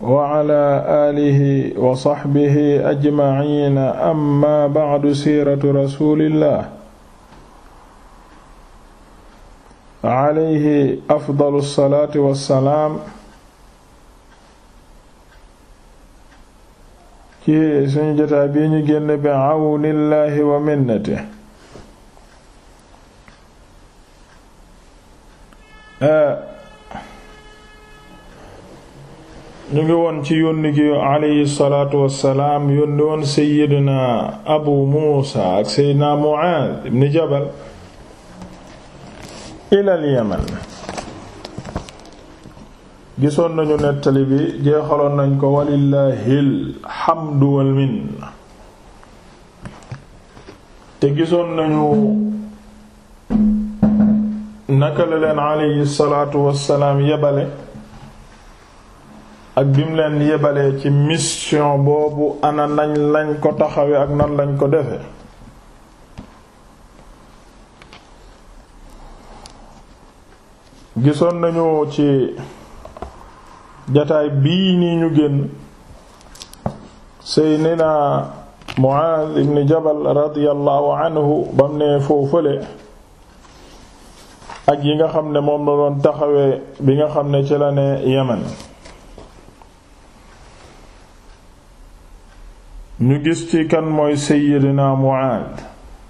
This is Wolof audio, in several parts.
wa ala aalihi wa saxbihi ajmaciina amma bacdu siiratu rasuulillah alayhi afdalu salaati wa salaam ci suñu jotaay bi ñu génn bi cawnillahi wa minnatihi a eh, ñu ngi woon ci yónni gi alayhi salaatu wassalaam yónni woon seydina abu muusa ak seydina muaaz ibn jabal ilal yaman gisoon nañu nettali bi jeexaloon nañ ko walillahil hamdu wal te gisoon nañu naka la leen alayhi yebale ak bi mu leen yebalee ci mission boobu ana nañ lañ ko taxawee ak nan lañ ko defee gisoon nañu ci jataay bii nii ñu génn seydina Muaaz ibn Jabal radiyallahu anhu bam ne foofale ak yi nga xam ne moom la doon taxawee bi nga xam ne ci la ne Yemen ñu gis ci kan mooy seydina Muaad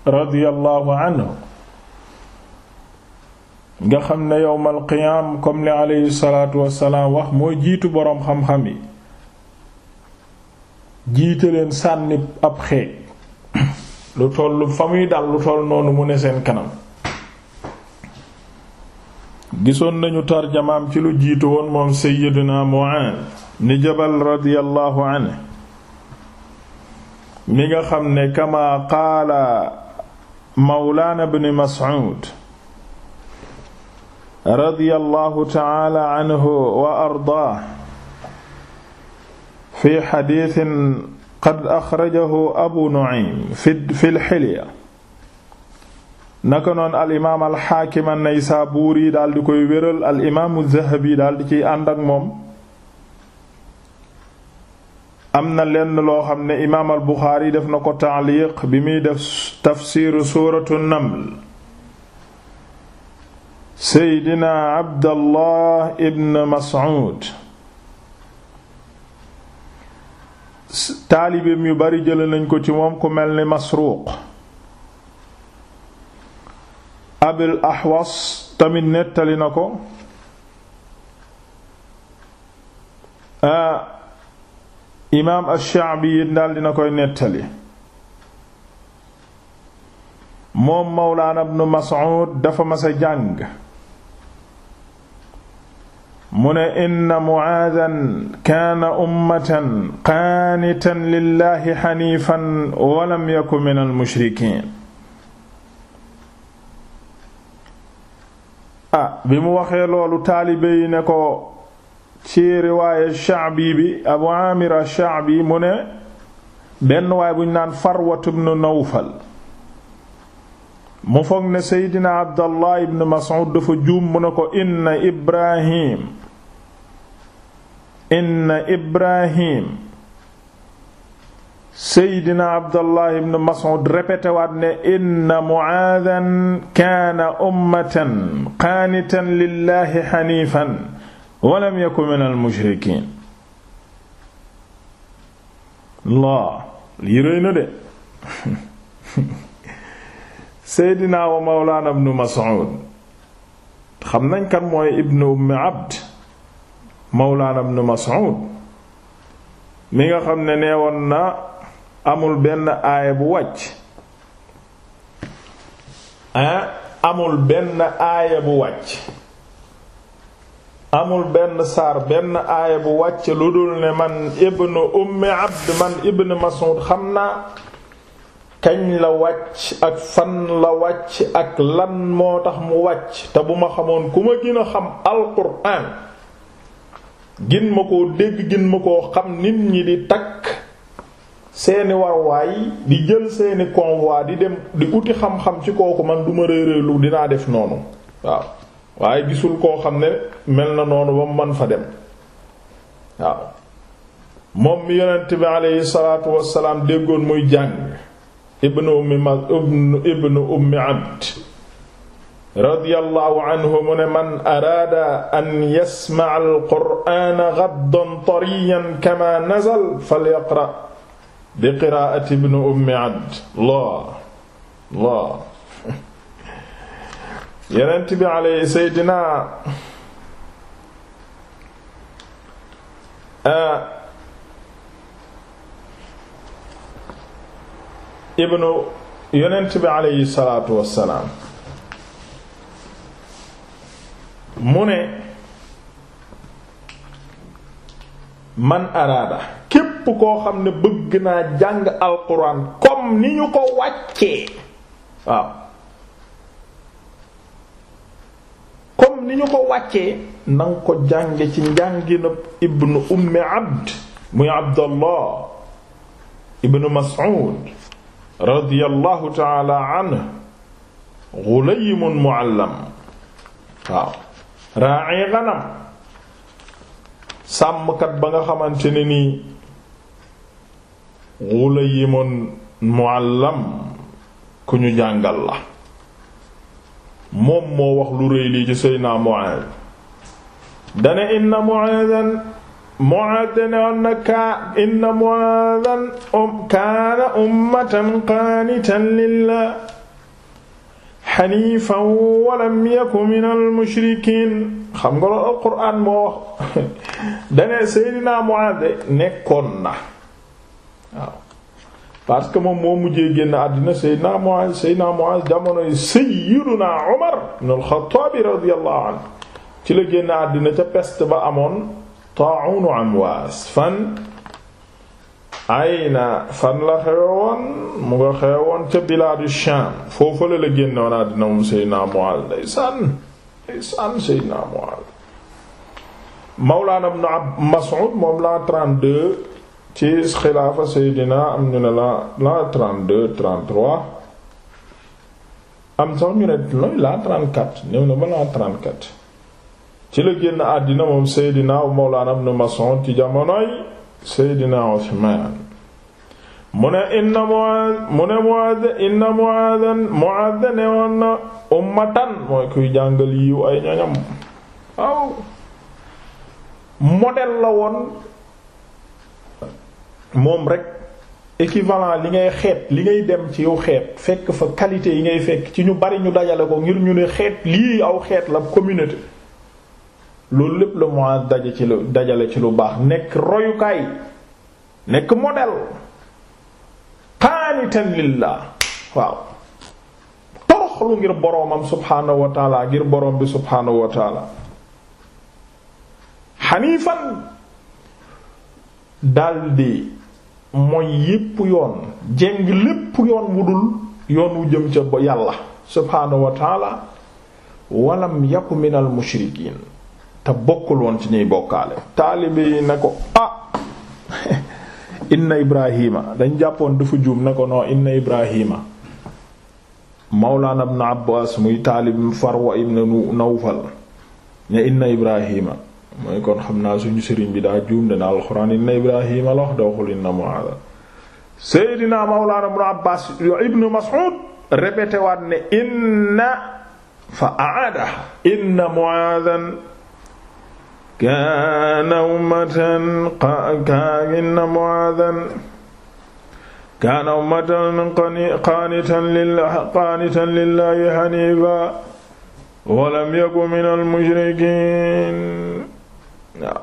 radiyallahu anhu nga xam ne yowmal qiyaam comme li aleyhi salaatu wassalaam wax mooy jiitu boroom xam-xam yi jiite leen sànni ab xeej lu toll fa muy dal lu toll noonu mu ne seen kanam gisoon nañu tarjamaam ci lu jiitu woon moom seydina Muaad ni Jabal radiyallahu anhu mi nga xam ne kama qaala mawlaana bni mas'ud radiyallahu ta'ala anhu wa ardaah fi xadiisin qad axrajahu abu nu'aym fi lxilya naka noon alimaam alxaakim an-naysaabuuri daal di koy wéral alimaamu dahabi daal di ciy ànd ak moom am na leen loo xam ne imaam al Buxaari def na ko taaliq bi muy def tafsiiru suuratu naml seydina abdallah ibn mas'ud taalibeem yu bari jële nañ ko ci moom ku mel ni masruuq abil ahwas tamit nettali na ko ah imaam ash-Sha'bi it daal dina koy nettali moom mawlaana ibnu Mas'ud dafa masa jàng mu ne inna Mu'aadan kaana ummatan qaanitan lillahi xaniifan wa lam yakun min al-mushrikiin ah bi mu waxee loolu taalibe yi ne ko ci riwaaya Sha'bi bi Abu Amir Sha'bi mu ne benn waay buñ naan Farwat ibn Nawfal mu foog ne Seydina Abdallah ibn Mas'ud dafa juum mu ne ko inna Ibrahim inna Ibrahim Seydina Abdallah ibn Mas'ud répété waat ne inna Mu'aadan kaana ummatan qaanitan lillahi haniifan walam yaku min al mushrikiin laa lii na de seydinaa wa mawlaana ibnu mas'ud xam nañ kan mooy ibnu ummi abd mawlaana ibnu mas'ud mi nga xam ne neewoon na amul benn aaya bu wàcc ah, amul benn aaya bu wàcc amul benn saar benn aaya bu wàcc lu dul ne man ibnu ummi abd man ibnu mas'ud xam naa kañ la wàcc ak fan la wàcc ak lan moo tax mu wàcc te bu ma xamoon ku ma gën xam alquran gin ma koo dégg gin ma koo xam nit ñi di takk seeni warwaay di jël seeni convoi di dem di uti xam-xam ci kooku man duma réeréelu dinaa def noonu waaw waaye gisul koo xam ne mel na noonu ba mu man fa dem waaw moom mi yonent bi aleyhi salaatu wassalaam déggoon muy jàng ibnu ummi ma ibnu ummi abd radiyallahu anhu mu ne man araada an yasma'a al-qur'aana ghaddan tariyan kama nazal falyaqra bi qiraa'ati ibnu ummi abd la la yeneen bi alayhi seydina eh, ibnu yonent bi alayhi salaatu wassalaam mu ne man araada képp koo xam ne bëgg naa jàng alquran comme ni ñu ko wàccee waaw comme ni ñu ko wàccee na ko jànge ci njàngina ibnu ummi abd muy abdallah ibnu mas'ud radiyallahu ta'ala anhu ghulaym mu'allam waaw ra'i ghanam sàmmkat ba nga xamante ne nii ghulaym mu'allam ku ñu jàngal la moom moo wax lu rëy lii ci Seydina Muaaz dane inna Muaazan Muaaz dane woon um, kaana ummatan qaanitan lillah xaniifan walam yaku min almushrikiin xam nga loolu alquraan moo wax dane Seydina Muaaz nekkoon na waaw parce que moom moo mujjee génn àddina Seydina Muaz Seydina Muaz jamonoy Seydina Omar ibn al-Khattab radiyallahu anhu ci la génn àddina ca fan ayna fan la xewoon mu nga xewoon ca bilaadu Sham foofu la la génnoon àddina moom Seydina Muaz ndeysaan ndeysaan Seydina Muaz Mawlana ibn Mas'ud moom la 32 ci xilaafa Seydina am ñu ne la la 32 33 am sax ñu ne looy la 34 ñëw na ba la 34 ci la génn àddina moom Seydina Mawlana Ibn Mas'ud ci jamonoy Seydina Usmaan mu ne inna mu ne Mu'aaz inna Mu'aazan Mu'aaz ne woon na mooy kuy jàngal yiw ay ñoñam waaw modèle la woon moom rek équivalent li ngay xeet li ngay dem ci yow xeet fekk fa qualité yi ngay fekk ci ñu bari ñu dajale ko ngir ñu ne xeet lii aw xeet la communauté loolu lépp la Muaz daje ci lu dajale ci lu baax nekk royukaay nekk modèle qaanitan la waaw toroxlu ngir boroomam subhaanahu wa ngir boroom bi subhaanahu wa taala daldi mooy yépp yoon jeng lépp yoon wu dul yoon wu jëm ca yàlla subhaanahu wa taala walam yaku minal mushrikiin te bokkul woon ci ñuy bokkaale taalibe yi ne ko ah inna ibrahima dañ jàppoon dafa juum ne ko non inna ibrahima mawlaana ibn abbaas muy taalib farwa ibn nawfal ne inna ibrahima mooy kon xam naa suñu sëriñ bi daa juum dana alxuraan inna ibrahima la wax da waxul inna muaada seydina mawlaana ibnu abbaas ibnu mas'ud répété waat ne inna fa aada inna muaadan kaana ummatan inna muaadan kaana ummatan qaanitan lillaahi haniifa wa lam yakun minal mushrikiin waaw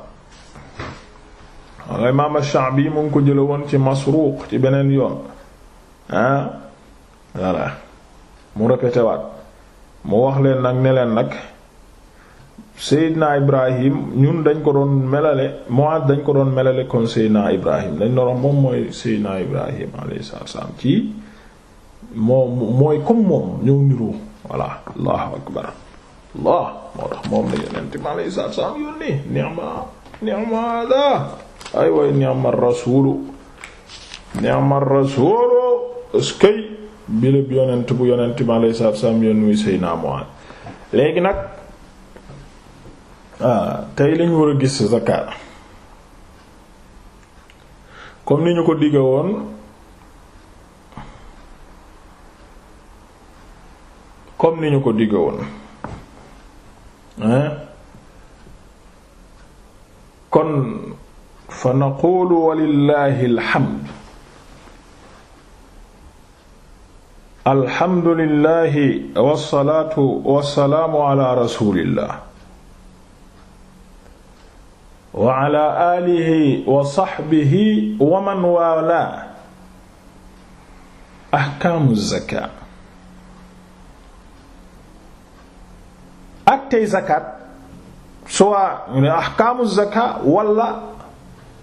walla imaam Sha'bi mu ngi ko jële woon ci Masruuq ci beneen yoon ah voilà mu répété waat mu wax leen nag ne leen nag Seydina Ibrahim ñun dañ ko doon melale Muaad dañ ko doon melale kon Seydina Ibrahim dañ doon wax moom mooy Seydina Ibrahim alayhi salaam ci moom mooy comme moom ñëw niroo voilà allahu akbar Allah moo tax moom la yonent mi alayhi salaatu wa salaam yónni ni'ma ni'ma haadaa ay way ni'ma rasuulu ni'ma rasuulu eskay bilib bu yonent mi alayhi salaatu wa léegi nag tey lañu war a gis zakat comme ni ñu ko digga woon comme ni ñu ko digga woon kon fa naqulu walillahi alhamd alhamdulillahi wassalaatu wassalaamu ala rasulillah wa ala alihi wa sahbihi wa man wala ahkaamu zakaat attey zakat soit ñu ne ahkaamu zaka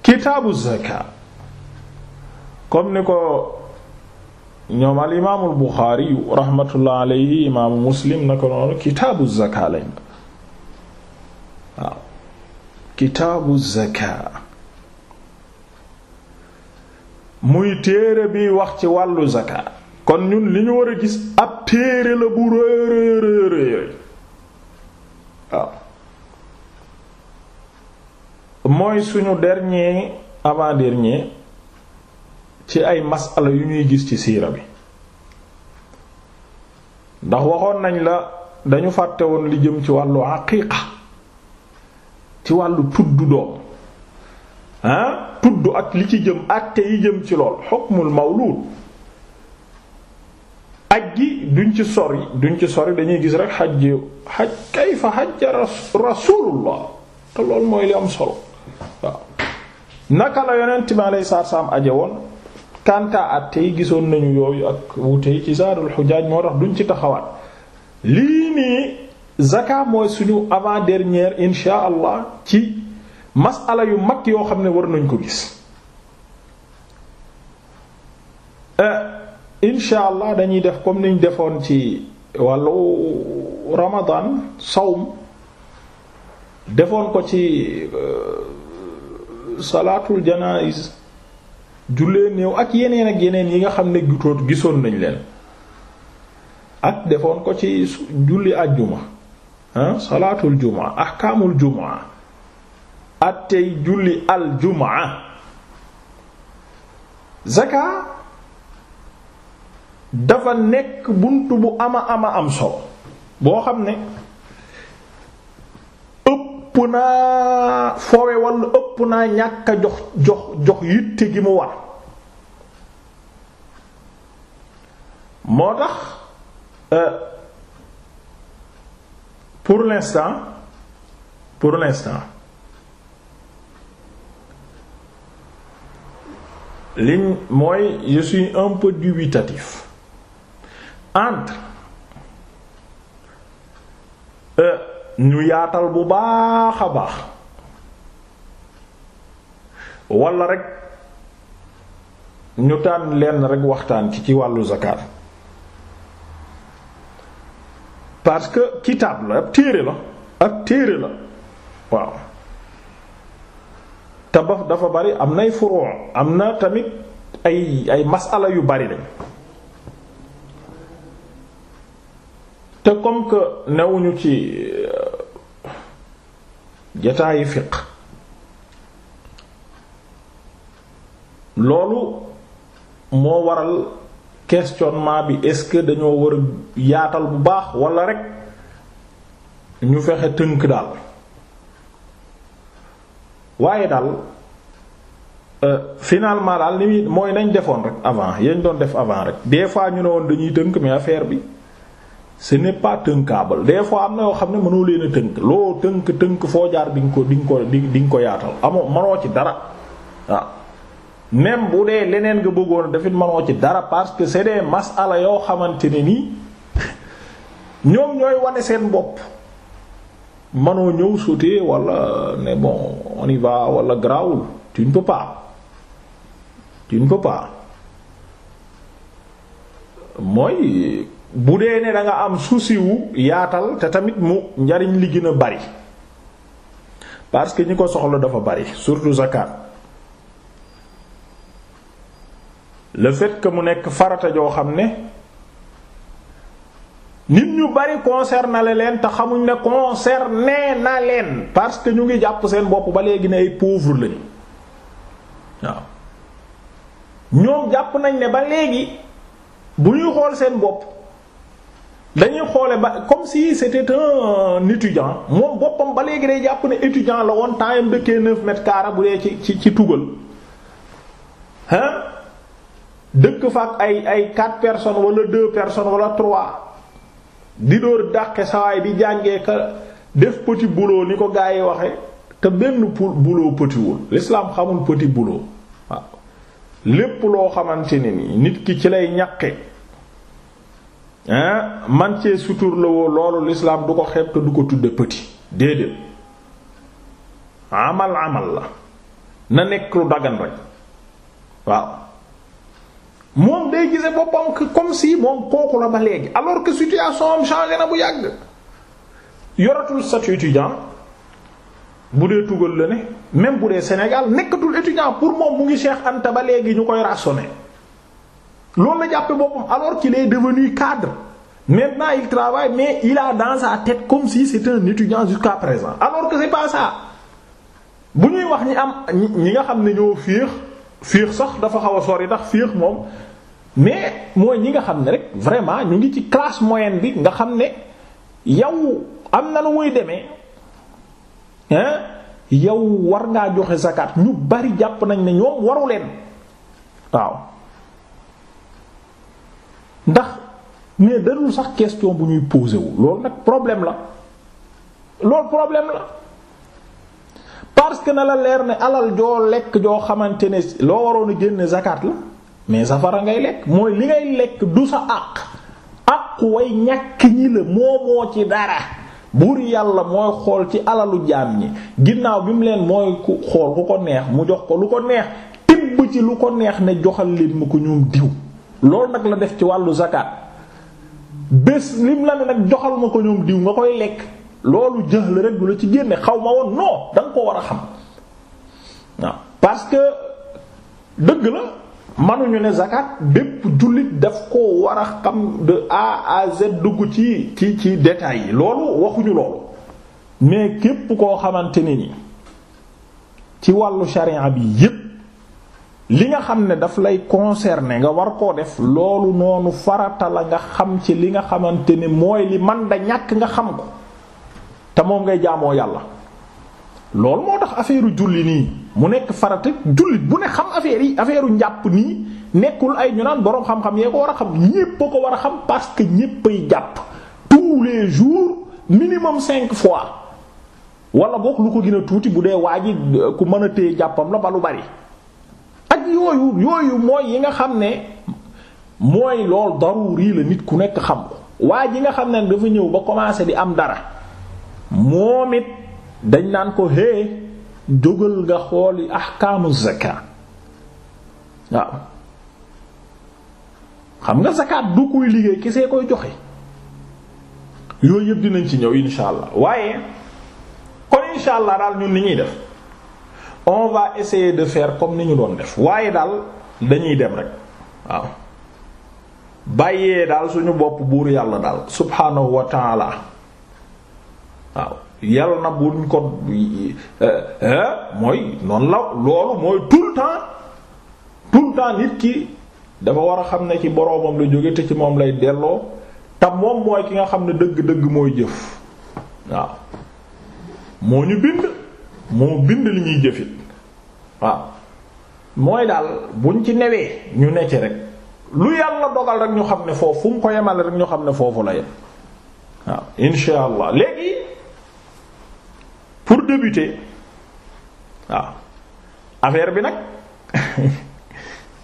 kitaabu zaka muy téere bi wax ci wàllu zaka kon ñun li ñu war a gis ab téere la bu réeréeréeréer waaw mooy suñu dernier avant dernier ci ay masala yu ñuy gis ci siira bi ndax waxoon nañ la dañu fàtte woon li jëm ci wàllu aqiiqa ci wàllu tudd doom ah tudd ak li ci jëm àtte yi jëm ci lool xukmul mawlud duñ ci sori duñ ci sori dañuy gis rek xaj xaj kayfa xajja rasulullah te loolu mooy li am solo naka la yonent bi alayhi salaatu salaam aje woon kanta at tey gisoon nañu yooyu ak wuute yi ci Zaadul Xujaaj moo tax duñ ci taxawaat lii nii zakat mooy suñu avant dernière insha allah ci masala yu mag yoo xam ne war nañ ko gis. Eh, incha allah dañuy def comme niñ defoon ci wàllu ramadan sawm defoon ko ci euh, salaatul janaiz jullee néew ak yeneen ak yeneen yi nga xam ne gutoot gisoon nañ leen ak defoon ko ci julli àjjuma ah salaatul jumaa ahkaamul jumaa ak julli al jumaa dafa nekk bunt bu ama ama am solo boo xam ne ëpp naa foowe walla ëpp naa ñàkk a jox jox jox yitte gi mu war moo tax euh, pour l'instant pour l'instant liñ mooy je un peu dubitatif entre e, ñu yaatal bu baax a baax wala rek ñu tànn lenn rek waxtaan ki ci wàllu zakat parce que kitaab la ab téere la ak téere la waaw te dafa bari am na nay furu am na tamit ay ay masala yu bari lañ te comme que newuñu ci euh, jataayi fiq loolu moo waral questionnement bi est-ce que dañoo war a yaatal bu baax wala rek ñu fexe tënk daal waaye daal euh, finalement daal ni mooy nañ defoon rek avant yañ doon def avant rek des fois ñu ne woon dañuy tënk mais affaire bi ce n'est pas tënkaabal des am na yoo xam ne mënoo leen a tënk loo tënk tënk foo jaar di nga ko di ko di nga ko yaatal amoo mënoo ci dara waaw même bu dee leneen nga bëggoon dafit mënoo ci dara parce que c'est des ala yoo xamante ne nii ñoom ñooy wane seen bopp mënoo ñëw sauter wala ne bon on y va wala grawul tu ne peux pas mooy. bu dee ne da am suusiwu yaatal te tamit mu njariñ li gën a bari parce que ñi ko soxla dafa bari surtout zakat le fait que mu nekk farata joo xam ne nit ñu bari concerné na leen te xamuñ ne concerné na leen parce que ñu ngi jàpp seen bopp ba léegi ne ay pauvre lañu waaw ñoom jàpp nañ ne ba léegi bu ñuy xool seen bopp. dañuy xoole ba comme si c'était un étudiant moom boppam ba léegi day jàpp ne étudiant la woon temps yam dëkkee neuf mètres carrés bu dee ci ci ci tugal hein dëkk fa ak ay ay quatre person wala deux person wala trois di door dàqe sawaay di jàngee ka def petit boulot ni ko gaa yi waxe te benn pour boulot petitul l'islam xamul petit boulot waaw lépp loo xamante ne ni nit ki ci lay ñaqe man cee suturlawoo loolu lislaam du ko xeeb te du ko tudde petit déedéet amal amal la na nekk lu rek waaw moom day gise boppam comme si moom kooku la ba léegi alors que situation am changé na bu yàgg yoratul statut étudiant bu dee tugal la ne même bu dee Sénégal nekkatul étudiant pour moom mu ngi Cheikh Anta ba léegi ñu koy raisonner loolu la jàppe boppam alors ci est devenu cadre maintenant il travaille mais il a dans sa tête comme si c'était un étudiant jusqu'à présent alors que c'est pas bu ñuy wax ñi am ñi nga xam ne ñoo fiix fiix sax dafa xaw a sori ndax fiix moom mais mooy ñi nga xam ne rek vraiment ñu ngi ci classe moyenne bi nga xam ne yow am na lu muy demee hein yow war ngaa joxe zakat ñu bari jàpp nañ ne ñoom waru leen waaw ndax mais darul sax question bu ñuy posé wu loolu nag problème la loolu problème la parce que na la leer ne alal joo lekk joo xamante ne loo waroon a génne zakat la mais safara ngay lekk mooy li ngay lekk du sa àq àq way ñàkk ñi la moomoo ci dara buur yàlla mooy xool ci alalu jaan ñi ginnaaw bi mu leen mooy ku xool ku ko neex mu jox ko lu ko neex tibb ci lu ko neex ne joxal leen ma ko ñoom diw loolu nag la def ci wàllu zakat bés lim la ne nag joxal ma ko ñoom diw nga koy lekk loolu jëx la rek du la ci génne xaw ma woon non da nga ko war a xam waaw parce que dëgg la manuñu ne zakat bépp jullit daf ko war a xam de A dugg ci ci ci détails yi loolu waxuñu loolu mais képp koo xamante ne ni ci wàllu sharia bi yépp li nga xam ne daf lay concerner nga war koo def loolu noonu farata la nga xam ci li nga xamante ni mooy li man da ñàkk nga xam ko te moom ngay jaamoo yàlla loolu moo tax affaire julli nii mu nekk farata jullit bu ne xam affaire yi affaire njàpp nii nekkul ay ñu naan boroom xam-xam yee ko war a xam ñépp a ko war a xam parce que ñéppay jàpp tous les jours minimum cinq fois wala boog lu ko gën tuuti bu dee waa ku mën a téye jàppam la ba lu bari ak yooyu yooyu mooy yi nga xam ne mooy lool daruri la nit ku nekk xam ko waa ji nga xam ne dafa ñëw ba commencé di am dara moom it dañ naan ko hé jógal nga xooli ahkaamu zakat waaw xam nga zakat du kuy liggéey kese koy joxe yooyu yëpp dinañ ci ñëw insha allah waaye kon insha allah daal ñun ni ñuy def on va essayer de faire comme ni ñu doon def waaye daal dañuy dem rek waaw bàyyee daal suñu bopp buur yàlla daal subhaanahu wa taala waaw yàlla na buñ ko eh, eh, mooy noonu la loolu mooy tout le temps tout nit ki dafa war a xam ne ci boroomam la jóge te ci moom lay delloo te moom mooy ki nga xam ne dëgg-dëgg mooy jëf waaw moo ñu bind moo bind li ñuy jëfit waaw mooy daal buñ ci newee ñu ne rek lu yàlla dogal rek ñu xam ne foofu fu mu ko yemal rek ñu xam ne foofu la yem waaw insha allah léegi pour débuter waaw affaire bi nag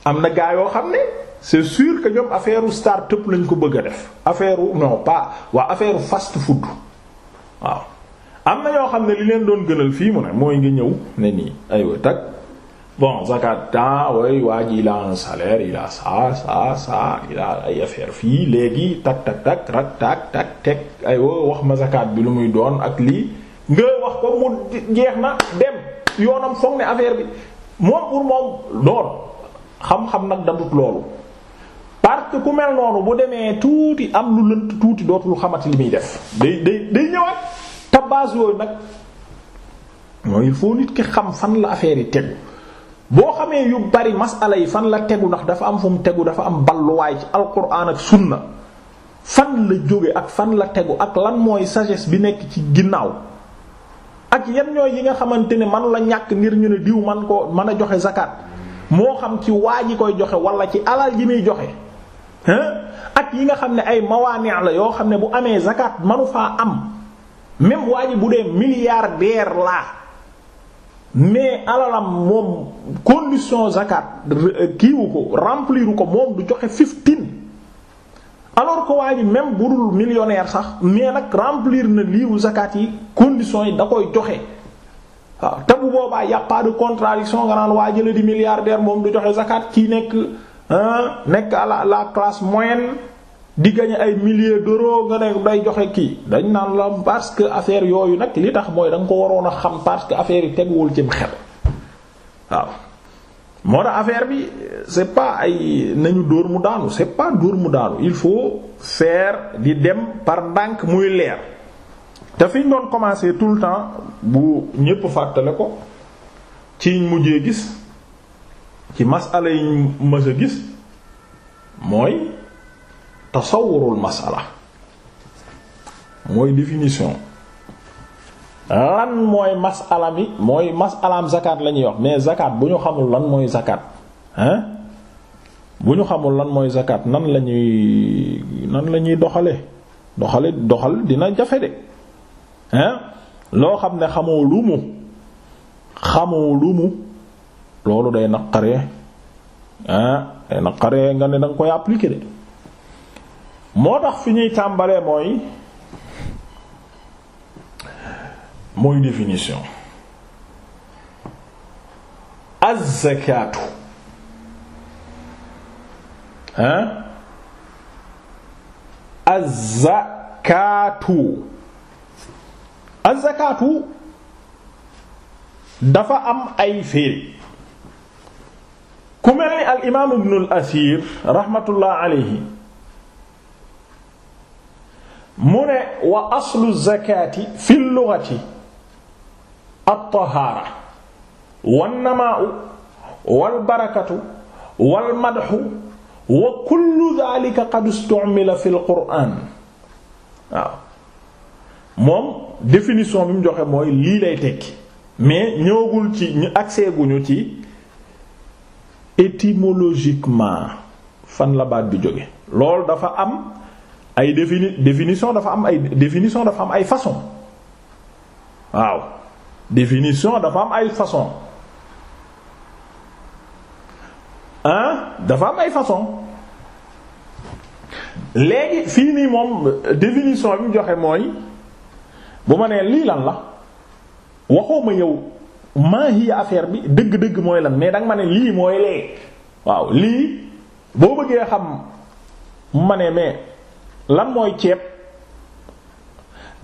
am na gaa yoo xam ne c'est sûr que ñoom affaire u start-up lañ ko bëgg a def affaire u non pas waa affaire fast food waaw am na ñoo xam ne li leen doon gënal fii mu ne mooy nga ñëw ne nii aywa tag bon zakat temps way waa ji il a un salaire il a ça ça ça il ay affaire fii léegi tak tak tak rak tak tak teg aywa wax ma zakat bi lu muy doon ak lii nga wax ko mu jeex na dem yoonam foog ne affaire bi moom pour moom lool xam-xam nag dadut loolu parce ku mel noonu bu demee tuuti am lu lënt tuuti dootul xamati li muy def day day day ñëwaat. te yooyu nag mooy il nit ki xam fan la affaire yi tegu boo xamee yu bari masala yi fan la tegu ndax dafa am fu mu tegu dafa am balluwaay ci alquran ak sunna fan la jóge ak fan la tegu ak lan mooy sages bi nekk ci ginnaaw ak yan ñooy yi nga xamante ne man la ñàkk ngir ñu ne diw man koo mën a joxe zakat moo xam ci waa ji koy joxe walla ci alal ji muy joxe hein ak yi nga xam ne ay mawaani' la yoo xam ne bu amee zakat manu faa am même waa bu dee milliardaire laa mais alalam moom condition zakat euh, kiiwu ko remplir ko moom du joxe fifteen alors que waaj ji même bu dul millionnaire sax mais nag remplir na liiwu zakat yi conditions yi da koy joxe waaw te bu boobaa y de contradiction nga naan waa jële di milliardaire moom du joxe zakat kii nekk nekk à la classe moyenne di gagner ay milliers d'euros nga ne day joxe kii dañ naan la parce que affaire yooyu nag li tax mooy da ko waroon a xam parce que affaire yi teguwul cim xel waaw moo tax affaire bi c'est pas ay nañu dóor mu daanu c'est pas dóor mu daanu il faut faire di dem par ndànk muy leer te fi ñu doon commencer tout le temps bu ñépp fàttale ko ci mujjee gis ci masala yi mës a gis mooy tasawurul masala mooy définition lan mooy masala mi mooy masalaam zakat la ñuy wax mais zakat bu ñu xamul lan mooy zakat hein xamul lan mooy zakat nan la ñuy nan la ñuy doxale doxale doxal dina jafe de loo xam ne xamoo lu xamoo lu loolu day naqaree ah day naqaree nga ne danga koy appliquer de moo tax fi ñuy tàmbalee mooy mooy définition az-zakaatu hein zakaatu dafa am ay féeri ku mel ni al imaam ibnul asiir raxmatullah alayhi mu ne wa aslu zakati fi lughati at-tahaara wan namaa'u wal barakatu wal madhu wa kullu dhalika qad istu'mila fil qur'aan waaw moom définition bi mu joxe mooy lii lay tekki mais ñëwagul ci ñu accès guñu ci étymologiquement fan la bi jóge lool dafa am ay défini définition dafa am ay définition dafa am ay façon waaw définition dafa am ay façon hein dafa am ay façon léegi fii nii moom définition bi mu joxe mooy bu ma nee lii lan la waxoo ma yow maa hiya affaire bi dëgg-dëgg mooy lan mais danga ma ne lii mooy lee waaw lii boo bëggee xam ma ne mais lan mooy ceeb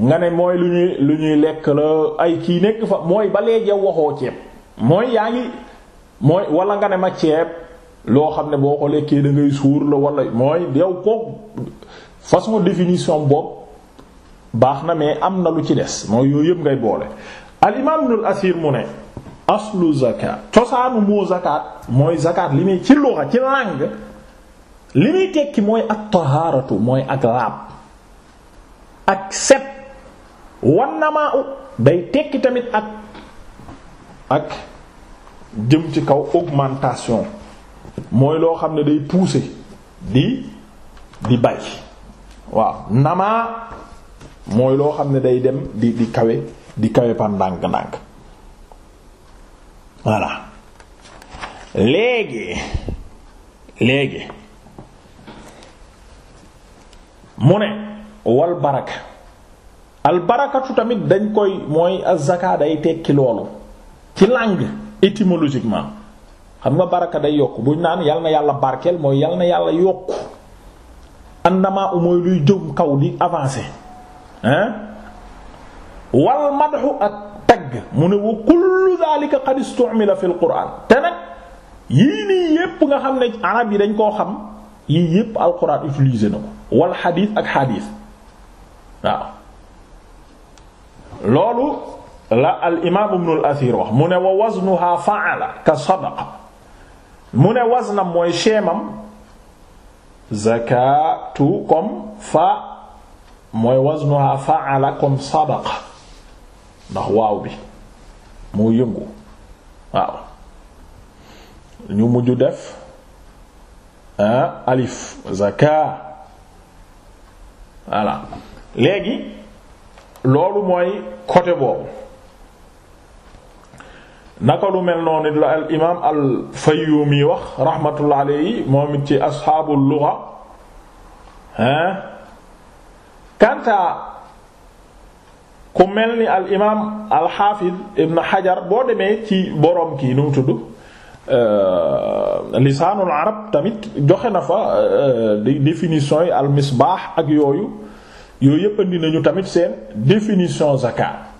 nga ne mooy lu ñuy lu ñuy lekk la ay kii nekk fa mooy ba léegi yow waxoo ceeb mooy yaa ngi mooy walla nga ne ma ceeb loo xam ne boo ko lekkee da ngay suur la walla mooy yow kooku façon définition boobu baax na mais am na lu ci des mooy yooyu yëpp ngay boole. al imaam ibnul asiir mu ne. aslu zakat cosaanu moo zakat mooy zakat li muy ci luxa ci langue. li muy tekki mooy ak tahaaratu mooy ak laab ak set wan namaa u day tekki tamit ak ak jëm ci kaw augmentation mooy loo xam ne day pousser di di bay waaw namaa mooy loo xam ne day dem di di kawe di kawe par ndànk-ndànk voilà léegi léegi mu ne wal baraka al barakatu tamit dañ koy mooy azaka day tekki loolu ci langue étymologiquement xam nga baraka day yokk buñ naan yàlla yàlla barkeel mooy yal na yàlla yokk andamaa u luy jëm kaw di avancé hein wal madhu ak tagg mu ne wa kullu dhalika qad istumila fil qur'an te nag yii nii yépp nga xam ne arab yi dañ koo xam yii yépp alxuraan utilisé na ko wal xadiis waaw la al imaam ibnul asiir mu ne wa waznuha fa'ala ka sadaqa mu ne waznam mooy sheemam zakaatu comme fa mooy waznuha fa'ala comme sadaqa ndax waaw bi moo yëngu waaw ñu mujj def alif zaka voilà léegi loolu mooy côté boobu naka lu mel noonu it la al al fayyumi wax rahmatullah alayhi moom it ci asxaabul lugha hein kanta ku mel ni al imaam al xaafid ibn xajar boo demee ci boroom kii nu mu tudd Euh, lisaanul arab tamit joxe na fa euh, euh, définition yi al misbaax ak yooyu yooyu yëpp andi nañu tamit seen définition zakat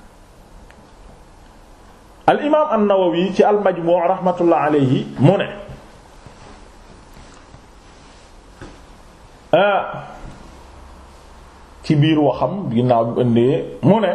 al imaam an-Nawawi ci al majmu' rahmatullah alayhi mu ne ci biir waxam ginnaaw bi indee mu ne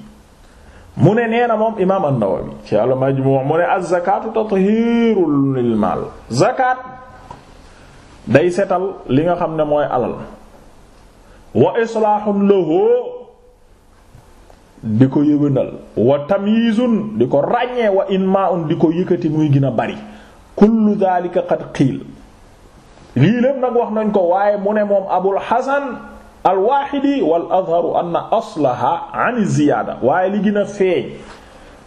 mu ne neena moom imaam an-Nawawi ci al-Majmu' mu ne az-zakaatu tathiirul lil maal zakat day setal li nga xam ne mooy alal wa islaahun lahu di ko yëbënal wa tamyiizun di ko ràññee wa inmaa'un di ko yëkkati muy gën bari kullu dhalika qad qiil lii lépp nag wax nañ ko waaye mu ne moom Abul Hasan alwaxidi wal azharu anna aslaha an ziyaada waaye li gën a feeñ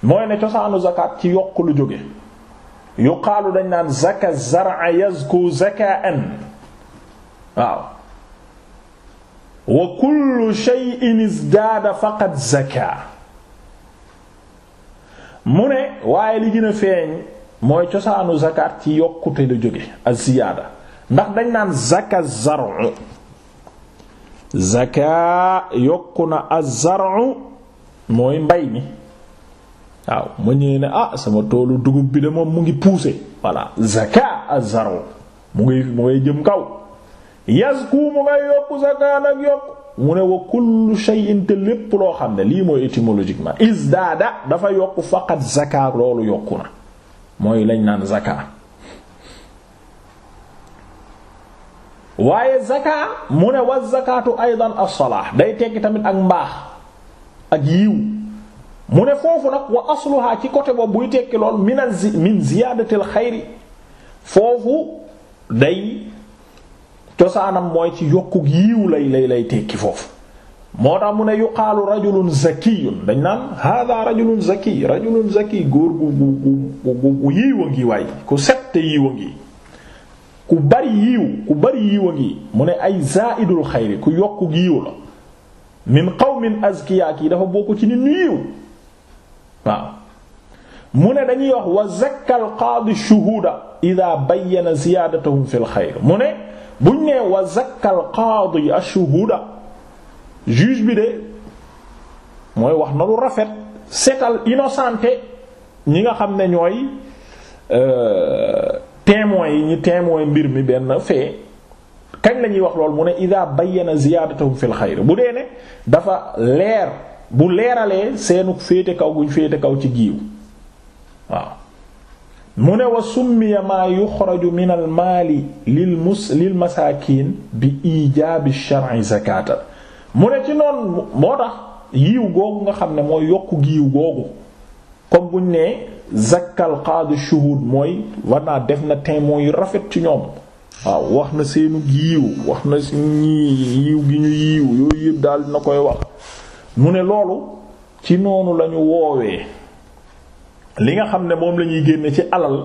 mooy ne cosaanu zakat ci yokk lu jóge yuqaalu dañ naan zaka zar'a yazku zakaan waaw wa kullu shay'in izdaada faqad zaka mu ne waaye li gën a feeñ mooy cosaanu zakat ci yokkute lu jóge az ziyaada ndax dañ naan zaka zar'u zaka yokku na azzaru mooy mbay mi waaw ma ñëwee ne ah sama toolu dugub bi de moom mu ngi pousser voilà zaka azzaru mu ngi mu jëm kaw yazku mu ngay yokku zaka nag yokku mu wa kullu shay'in te lépp loo xam ne lii mooy étymologiquement isdaada dafa yokku faqat zaka loolu yokku na mooy lañ naan zaka waaye zakaa mu ne wa zakaatu aydan as-salaa day tekki tamit ak mbaax ak yiw mu ne foofu nag wa asluha ci côté boobu buy tekki lool min min ziyaadatil xayri foofu day cosaanam mooy ci yokkuk yiw lay lay lay tekki foofu moo tax mu ne yuqaalu rajulun zakiyun dañ naan hada rajulun zaki rajulun zaki góor gu gu gu gu ngi waay ku set te yiw ngi ku bari yiiw ku bari yiiw a mu ne ay zaaidul xayri ku yokku yiiw la min qawmin azkiya kii dafa bokk ci nit ñu mu ne dañuy wax wa zakkal qaadi shuhuuda ida bayyana ziyaadatahum fil xayr mu ne buñ nee wa zakkal qaadi ashuhuuda juge bi de mooy wax na lu rafet setal innocenté ñi nga xam ne ñooy euh, témoins yi ñi témoin mbir mi benn fee kañ la ñuy wax lool mu ne ida bayyana ziyadatahum fil xayr bu dee ne dafa leer bu leeralee seenu féete kaw guñ féete kaw ci giiw waaw mu ne wa summiya maa yuxraju min al maali lil mus lil masaakin bi ijaabi shar'i zakata mu ne ci noonu moo tax yiiw googu nga xam ne mooy yokk giiw googu comme buñ nee zakkal xaadu shuhud mooy war def na témoin yu rafet ci ñoom waaw wax na seenu yiw wax na si ñii yiiw gi ñu yiiw yooyu yëpp daal na koy wax mu ne loolu ci noonu lañu woowee li nga xam ne moom lañuy génne ci alal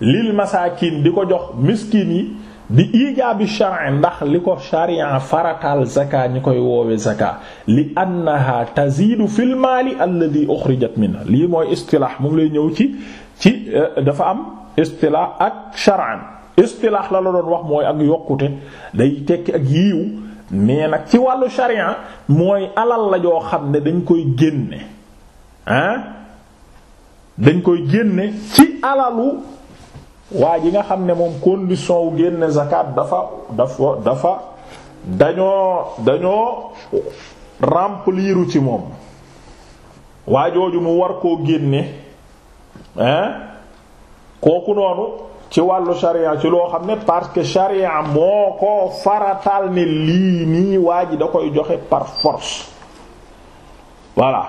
lil masaakin di ko jox miskin yi bi ijaabi shar'i ndax li ko sharia faratal zaka ñi koy woowee zaka li annaha tazidu fil maali alladhi ukhrijat minhu lii mooy istilaah moom lay ñëw ci ci eh, dafa am istilaah ak shar'an istilaah la la doon wax mooy ak yokkute day tekki ak yiiw mais nag ci wàllu sharia mooy alal la joo xam ne dañ koy génne ah dañ koy génne ci alalu waa ji nga xam ne moom condition wu génne zakat dafa dafa dafa dañoo dañoo rempliru ci moom waa jooju mu war koo génne hein kooku noonu ci wàllu sharia ci loo xam ne parce que sharia moo ko farataal ne lii nii waa ji da koy joxe par force voilà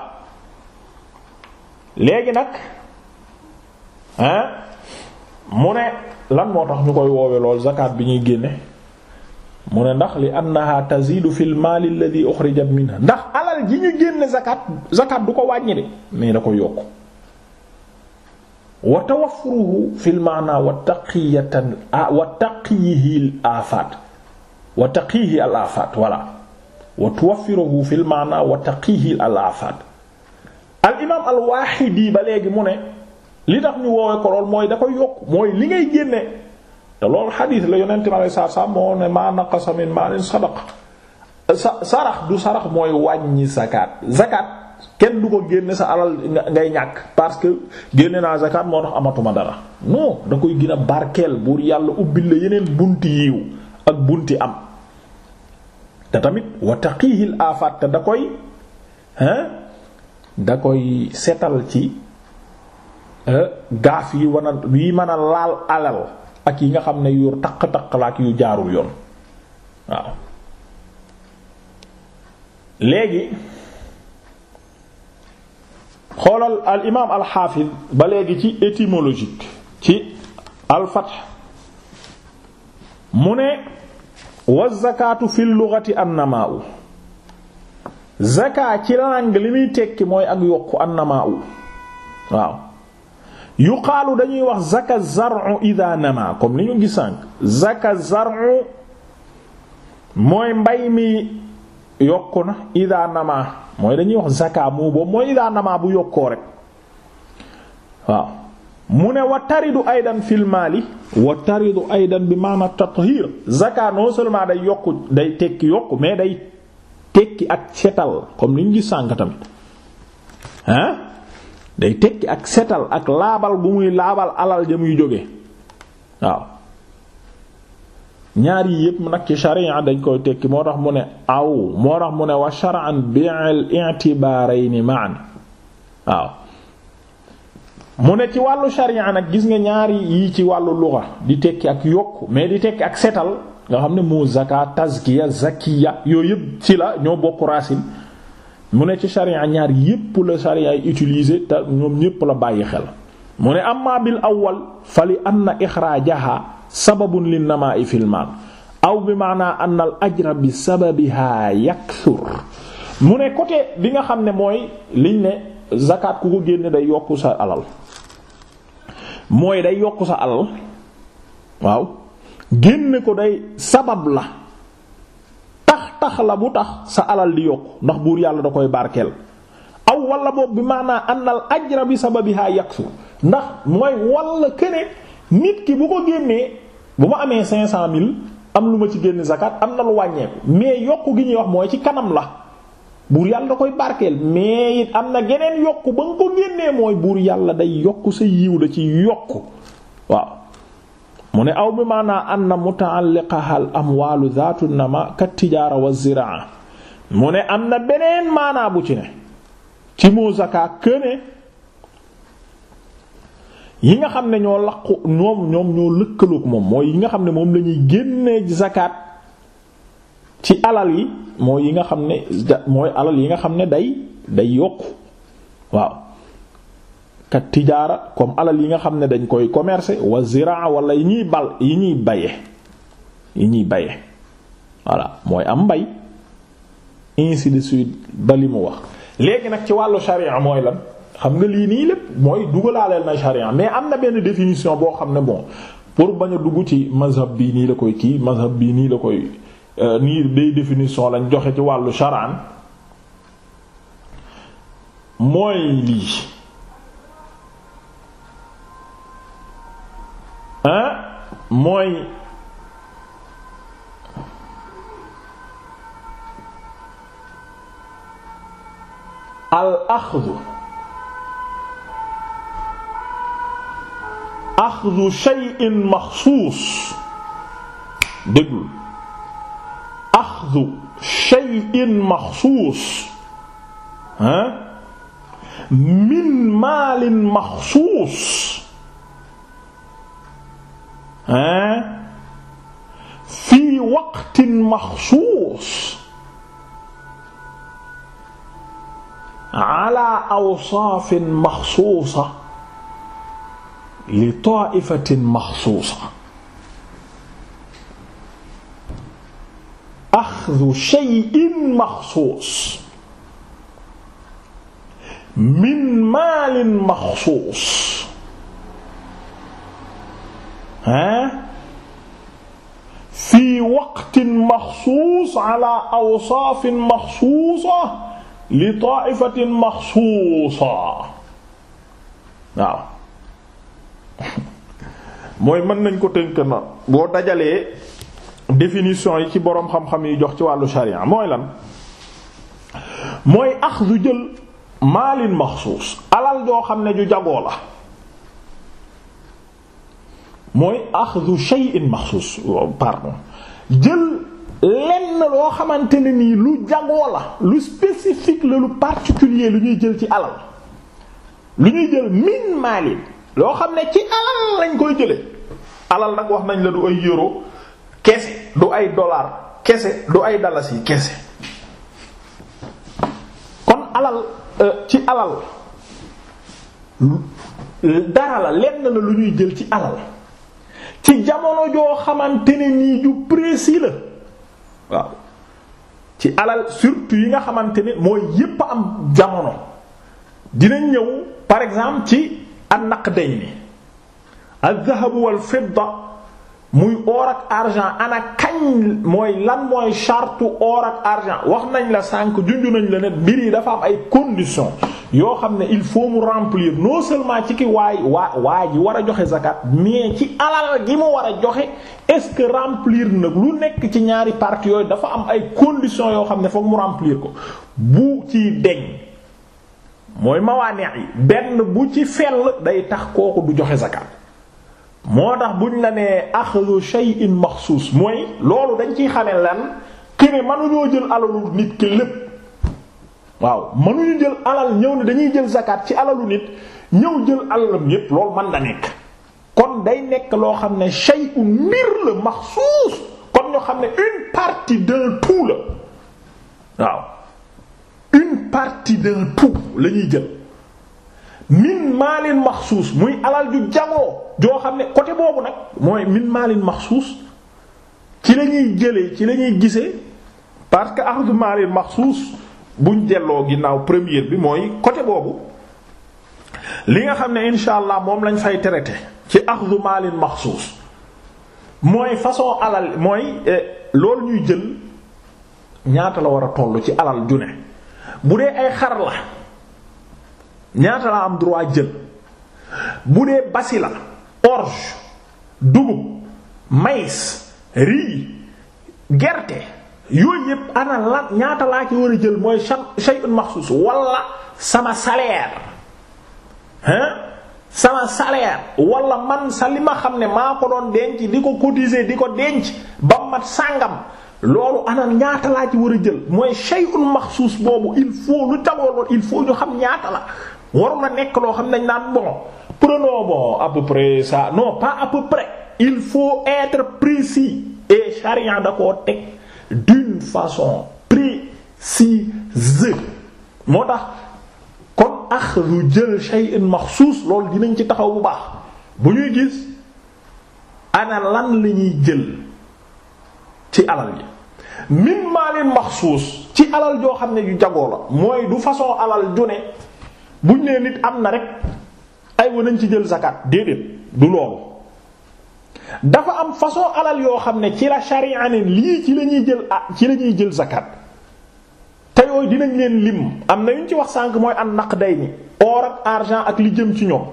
léegi nag hein mu ne lan moo tax ñu koy woowe lool zakat bi ñuy génne mu ne ndax li annaha tazidu fil maal alladhi ndax alal ji ñu génne zakat zakat du ko wàññi de mais da ko yokk wa tawaffuruhu fil maana wa taqiyatan wa taqiyihi wa taqiyihi al afaat wa tuwaffiruhu fil maana wa ba léegi mu ne li tax ñu woowee ko lool mooy da koy yokk mooy li ngay génne te loolu xadiis la yonent ma lay saa saa moo ne maa naqasa min maalin sadaqa sa sarax du sarax mooy wàññi zakat zakat kenn du ko génne sa alal ngay ñàkk parce que génne naa zakat moo tax amatuma dara non da koy gën a barkeel buur yàlla ubbil la yeneen bunt yiw ak bunti am te tamit wa taqihil afat te da koy hein da koy setal ci Euh, gaaf yi wana yi mën laal alal ak yi nga xam ne yu taq-taq la ak yu jaarul yoon waaw léegi xoolal al imaam al xaafid ba léegi ci étymologique ci al fath mu ne wa zakaatu fi lughati annamaa'u zakaa ci langue li muy tekki mooy ak yokku annamaa'u waaw yuqaalu dañuy wax zaka zar'u idha nama comme li ñu gisànq zaka zar'u mooy mbay mi yokku na idha nama mooy dañuy wax zaka mu boobu mooy idha nama bu yokkoo rek waaw mu ne wa taridu aydan fil maali wa taridu aydan bi maana tathir zaka non seulement day yokku day tekki yokku mais day tekki ak setal comme li ñu gis sànq tamit hein day tekki ak setal ak laabal bu muy laabal alal ja muy jóge waaw ñaar yi yépp nag ci sharia dañ koy tekki moo tax mu ne aw moo tax mu ne wa shar'an bi'al i'tibaarayn ma'an waaw mu ne ci wàllu sharia nag gis nga ñaari yi ci wàllu lugha di tekki ak yokk mais di tekki ak setal nga xam ne mu zakat tazkiya zakiya yooyu yépp ci la ñoo bokk racine mu ne ci sharia ñaar yépp la sharia yi utilisé te ñoom ñépp la bàyyi xel mu ne amma bil awwal fa li anna ixraajaha sababu li namaa'i fil maal aw bi maanaa anna al ajra bi sababiha yakthur mu ne côté bi nga xam ne mooy liñ ne zakat ku ko génne day yokku sa alal mooy day yokku sa alal waaw génn ko day sabab la tax la bu tax sa alal di yokk ndax buur yàlla da koy barkeel aw wala boobu bi maanaa annal ajra bi sababiha yaksu ndax mooy walla këne nit ki bu ko génnee bu ma amee cinq cent mille am lu ma ci génn zakat am na lu wàññeeku mais yokk gi ñuy wax mooy ci kanam la buur yàlla da koy barkeel mais it am na geneen yokk ba nga ko génnee mooy buur yàlla day yokk sa yiw la ci yokk waaw mu ne aw bi maanaa anna muta'alliqaha al amwaalu zaatu nama ka tijaara wa ziraa mu ne am na beneen maanaa bu ci ne ci moo zakaa këne yi nga xam ne ñoo laqu ñoom ñoom ñoo lëkkaloog moom mooy yi nga xam ne moom lañuy génnee zakat ci alal yi mooy yi nga xam ne mooy alal yi nga xam ne day day yokk waaw kat tijaara comme alal yi nga xam ne dañ koy commercer wa ziraa wala yi ñuy bal yi ñuy baye yi ñuy baye voilà mooy am mbay ainsi de suite ba li mu wax léegi nag ci wàllu sharia mooy lan xam nga lii nii lépp mooy dugalaaleel na sharia mais am na benn définition boo xam ne bon pour bañ a dugg ci mazhab bii nii la koy kii mazhab bii nii la koy euh, nii day définition lañ joxe ci wàllu sharan mooy lii ah mooy al axdu axdu shay'in maxsuus déglu axdu shay'in maxsuus ah min maalin maxsuus fii waqtin maxsuus ala awsaafin maxsuusa li taaifatin maxsuusa axdu shay'in maxsuus min maalin maxsuus fii waqtin maxsuus ala awsaafin maxsuusa li taaifatin maxsuusa waaw mën nañ ko tënk boo dajalee définition yi ci boroom xam-xam jox ci wàllu sharia lan mooy axdu jël maalin maxsuus alal joo xam ne ju jagoo la mooy axdu shay'in maxsuus pardon jël lenn loo xamante ne nii lu jagoo la lu spécifique la lu particulier lu ñuy jël ci alal lu ñuy jël min maalin loo xam ne ci alal lañ koy jële alal nag wax nañ la du ay euro kese du ay dollar kese du ay dalasi kese kon alal euh, ci alal dara la lenn la lu ñuy jël ci alal ci jamono joo xamante ne nii ju précis la waaw ci alal surtout yi nga xamante ne moo yépp am jamono dinañ ñëw par exemple ci an-naqdayn al-dhahab wal-fidda muy or ak argent ana kañ mooy lan mooy charte or ak argent wax nañ la sànq junju nañ la ne mbir yi dafa am ay conditions yoo xam ne il faut mu remplir non seulement ci ki waay waa waa ji war a joxe zakat mais ci alal gi mu war a joxe est-ce que remplir na lu nekk ci ñaari parties yooyu dafa am ay conditions yoo xam ne fokk mu remplir ko bu ci deñ mooy mawaane yi benn bu ci fell day tax kooku du joxe zakat moo tax buñ la nee axdu shay'in maxsuus mooy loolu dañ ciy xame lan këne mënuñoo jël alalu nit ki lépp waaw mënuñu jël alal ñëw ne dañuy jël zakat ci alalu nit ñëw jël alalam yépp loolu man da nekk kon day nekk loo xam ne shay'un mbir la maxsuus kon ñoo xam ne une partie d'un la waaw une partie d'un tout lañuy jël min maalin maxsuus muy alal ju jamoo joo xam ne côté boobu nag mooy min maalin maxsuus ci la ñuy jëlee ci lañuy ñuy gisee parce que axdu maalin maxsuus buñ delloo ginnaaw première bi mooy côté boobu li nga xam ne insha allah moom lañ fay traité ci axdu maalin maxsuus mooy façon alal mooy eh, loolu ñuy jël ñaata la war a toll ci alal ju ne bu dee ay xar la. ñaata laa am droit jël bu dee basi la orge dugub maïs riz gerte yooyu yépp ana lan ñaata laa ci war a jël mooy shay'un maxsuus wala sama salaire hein sama salaire wala man sa li ma xam ne maa ko doon denc di ko cotiser di ko denc ba mat sàngam loolu ana ñaata laa ci war a jël mooy shay'un maxsuus boobu il faut lu tagooloon il faut ñu xam ñaata la waru la nekk loo xam ne dañ naan bon prenons bon à peu près ça non pas à peu près il faut être précis et charia da koo teg d'une façon précise moo tax kon axdu jël shay'in maxsuus loolu dinañ ci taxaw bu baax bu ñuy gis ana lan la ñuy jël ci alal yi min maalin maxsuus ci alal joo xam ne ju jagoo la mooy du façon alal ju ne buñ nee nit am na rek ay wanañ ci jël zakat déedéet du loolu dafa am façon alal yoo xam ne ci la sharia ne lii ci la ñuy jël a ah, ci la ñuy jël zakat te yooyu dinañ leen lim am na yuñ ci wax sànq mooy an naq day ni or ak argent ak li jëm ci ñoom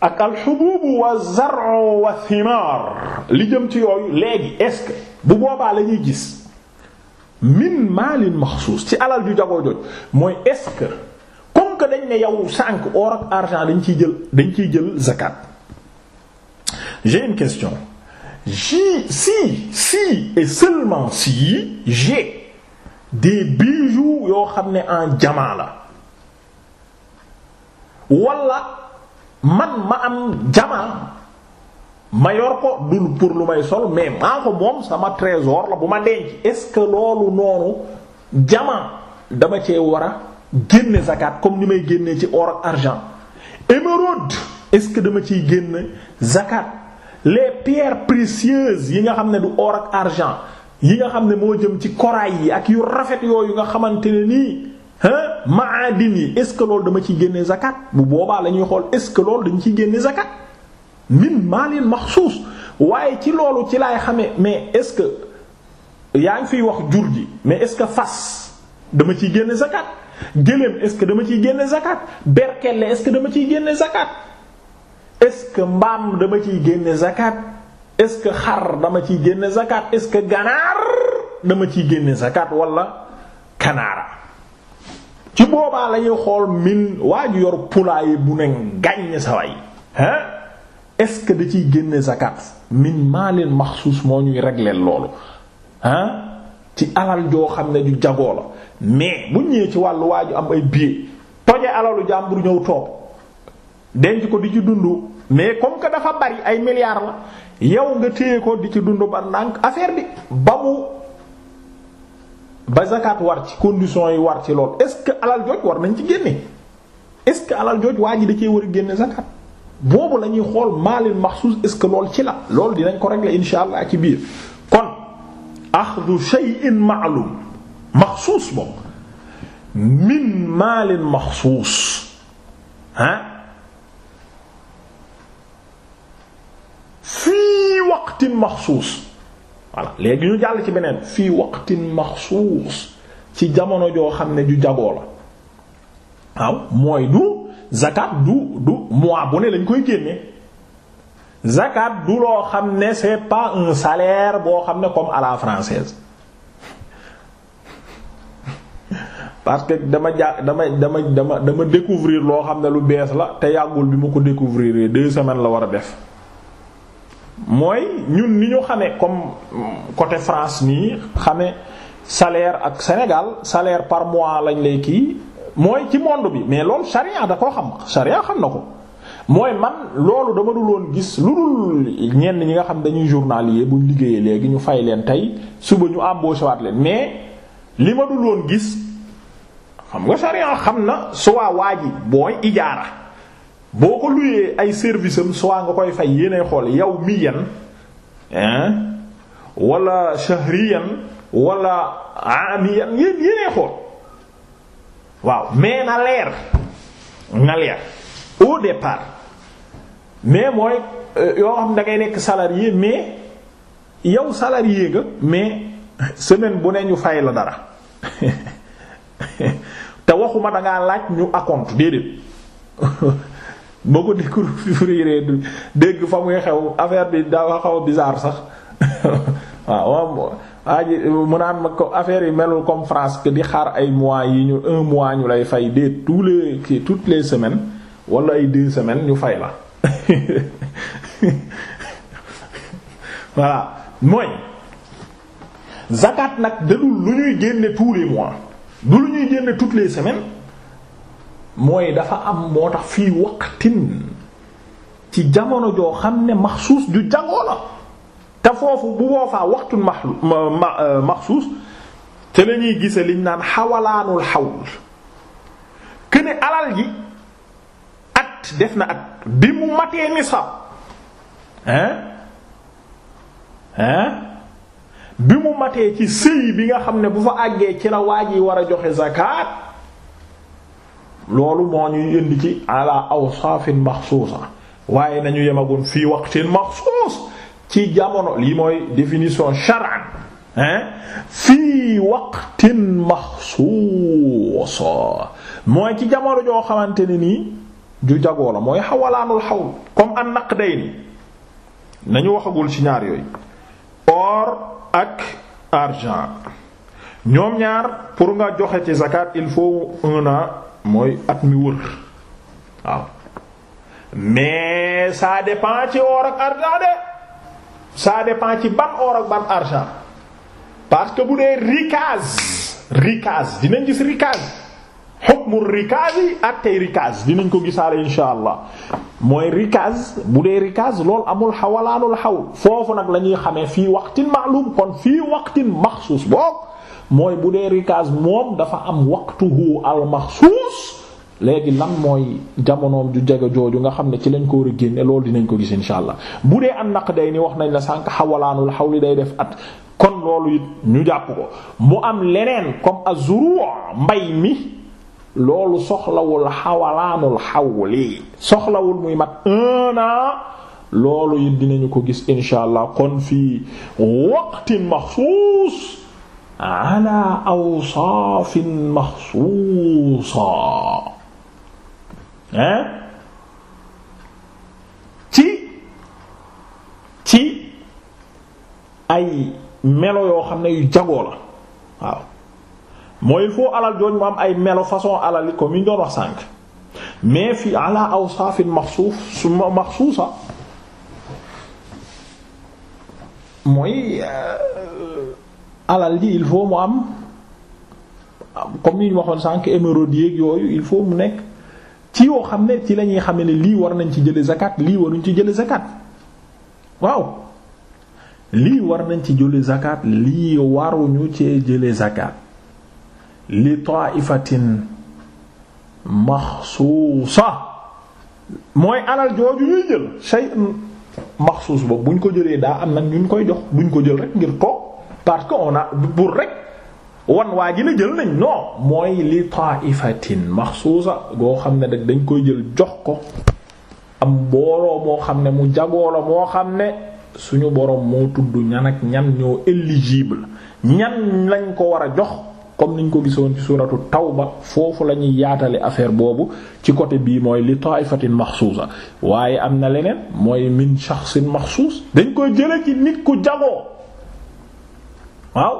ak alxububu wa zar'u wa thimar li jëm ci yooyu léegi est-ce bu boobaa la ñuy gis min maalin maxsuus ci alal ju jagoo joj mooy est-ce comme que dañ ne yow sànq or ak argent dañ ciy jël dañ ciy jël zakat j'ai une question j'ai si si et seulement si j'ai des bijoux yoo xam ne en diamant la wala man ma am diamant ma yor ko dul pour lu may sol mais maa ko moom sama trésor la bu ma denc est-ce que loolu noonu diamant dama cee wara génne zakat comme ni may génnee ci or ak argent émeraude est-ce que dama ciy génn zakat les pierres précieuses yi nga xam ne du or ak argent yi nga xam ne moo jëm ci corail yi ak yu rafet yooyu nga xamante ne nii ah maadin yi est-ce que loolu dama ciy génne zakat bu boobaa la ñuy xool est-ce que loolu dañ ciy génne zakat min maalin maxsuus waaye ci loolu ci laay xamee mais est-ce que yaa ngi fiy wax jur gi mais est-ce que fas dama ciy génne zakat géléem est-ce que dama ciy génne zakat berkelle est dama ciy génne zakat est-ce que mbaam dama ciy génne zakat est-ce xar dama ciy génne zakat est-ce que ganaar dama ciy génne zakat walla kanaara ci boobaa lañuy xool min waa ju yor poulailler bu ne gàññ sa way hein est-ce que da ciy génne zakat min maalin maxsuus moo ñuy régler loolu hein ci alal joo xam ne ju jagoo la mais mu ñëwee ci wàllu waa ju am ay bii toje alalu jàmbur ñëw toog denc ko di ci dund mais comme que dafa bari ay milliards la yow nga téye ko di ci dundu ba ndànk affaire bi ba mu ba zakat war ci conditions yi war ci lool est-ce que alal jooj war nañ ci est-ce que alal jooj waa ji da cee war a génne zakat boobu la ñuy xool maalil maxsuus est-ce que lool ci la loolu dinañ ko régler insha allah ci biir axdu shay'in ma'lum maxsuus boobu min maalin maxsuus ah fii waqtin maxsuus voilà léegi ñu jàll ci beneen fii waqtin maxsuus ci jamono joo xam ne ju jagoo la waaw mooy du zakat du du mois bu ne lañ koy génnee zakat du loo xam ne c'est pas un salaire boo xam ne comme à la française dama jà dama dama dama dama découvrir loo xam ne lu bees la te yàggul bi mu ko découvrir deux semaines la war a def mooy ñun ni ñu xame comme côté France nii xame salaire ak Sénégal salaire par mois lañ lay kii mooy ci monde bi mais loolu charia da koo xam charia xam na ko. mooy man loolu dama dul woon gis lu dul ñenn ñi nga xam dañuy journalier buñ liggéeyee léegi ñu fay leen tey suba ñu embauché waat leen mais li ma dul woon gis xam nga sharia xam na soit waa ji booy ijaara boo ko luyee ay service am soit nga koy fay yéenay xool yow mi yan hein wala yen walla amiyan yéen yéenay xool waaw mais na leer na leer au départ mais mooy euh, yoo xam da ngay nekk salarié mais yow salarié nga mais semaine bu ne ñu fay la dara te waxuma da ngaa laaj ñu acompte déedéet boo ko découvrir dégg fa muy xew affaire bi dafa xaw a bizarre sax waaw moom aji mu naan ma ko affaire yi melul comme France que di xaar ay mois yi ñu un mois ñu lay fay déet tous les toutes les semaines wala ay deux semaines ñu fay la. voilà mooy zakat nag dadul lu ñuy génne tous les mois du lu ñuy génne toutes les semaines mooy dafa am moo tax fii waqtin ci jamono joo xam ne maxsuus du jagoo la te foofu bu boofaa waxtun ma euh, maxsuus te la ñuy gise liñ naan xawalaanul xawl këne alal ji def na at bi mu matee nisab hein bi mu matee ci sëy bi nga xam ne bu fa àggee ci la waaj yi war a joxe zakat loolu moo ñuy indi ci ala awsaafin maxsuusa waaye nañu yemagoon fii waqtin maxsuus ci jamono lii mooy définition shar'an hein fii waqtin maxsuusa mooy ci jamono joo xamante ne nii ju jagoo la mooy xawalaanul xawl comme an naqdayn nañu waxagul ci ñaar yooyu or ak argent ñoom ñaar pour nga joxe ci zakat il faut un an mooy at mi wër waaw mais ça dépend ci or ak argent de ça dépend ci ban or ak ban argent parce que bu dee rikaz rikaz dinañ gis rikaz hukmu rikaaz yi attey rikaaz ko gisaale insha allah mooy rikaaz bu dee rikaaz loolu amul xawalaanul xawl foofu nag la ñuy xamee fii waqtin ma'lum kon fii waqtin maxsuus boog mooy bu dee rikaaz moom dafa am waqtuhu al maxsuus léegi lan mooy jamonoom ju jege jooju nga xam ne ci lañ ko war a loolu dinañ ko gis insha allah bu dee am naq day ni wax nañ la sànq xawalaanul xawli day def at kon loolu it ñu jàpp ko mu am leneen comme azuru mbay mi loolu soxlawul xawalaanul xawli soxlawul muy mat un loolu it dinañu ko gis insha kon fii waqtin maxsuus ala awsaafin ci ci ay melo yoo xam ne yu mooy il faut alal jooju mu am ay melo façon alal yi comme yi ñu doon wax sànq mais fi ala awsaafin maxsuuf su maxsuusa mooy euh, alal ji il faut mu am comme ni ñu waxoon sànq émeraude yeeg yooyu il faut mu nekk ci yoo xam ne ci la ñuy xamee ne lii war nañ ci jële zakat lii waruñ ci jële zakat waaw lii war nañ ci jële zakat lii waruñu ci jële zakat li ta'ifatin maxsuusa mooy alal jooju ñuy jël shay'un maxsuus boobu buñ ko jëlee daa am nag ñu koy jox duñ ko jël rek ngir toog parce que on a pour rek wan waa ji la jël nañ non mooy li ta'ifatin maxsuusa goo xam ne rek dañ koy jël jox ko am mbooloo moo xam ne mu jagoo la moo xam ne suñu boroom moo tudd ñan ak ñan ñoo éligible ñan lañ ko war a jox comme niñ ko gisoon ci suratu tawba foofu la ñuy yaatale affaire boobu ci côté bii mooy li taifatin maxsuusa waaye am na leneen mooy min shaxsin maxsuus dañ koy jële ci nit ku jagoo waaw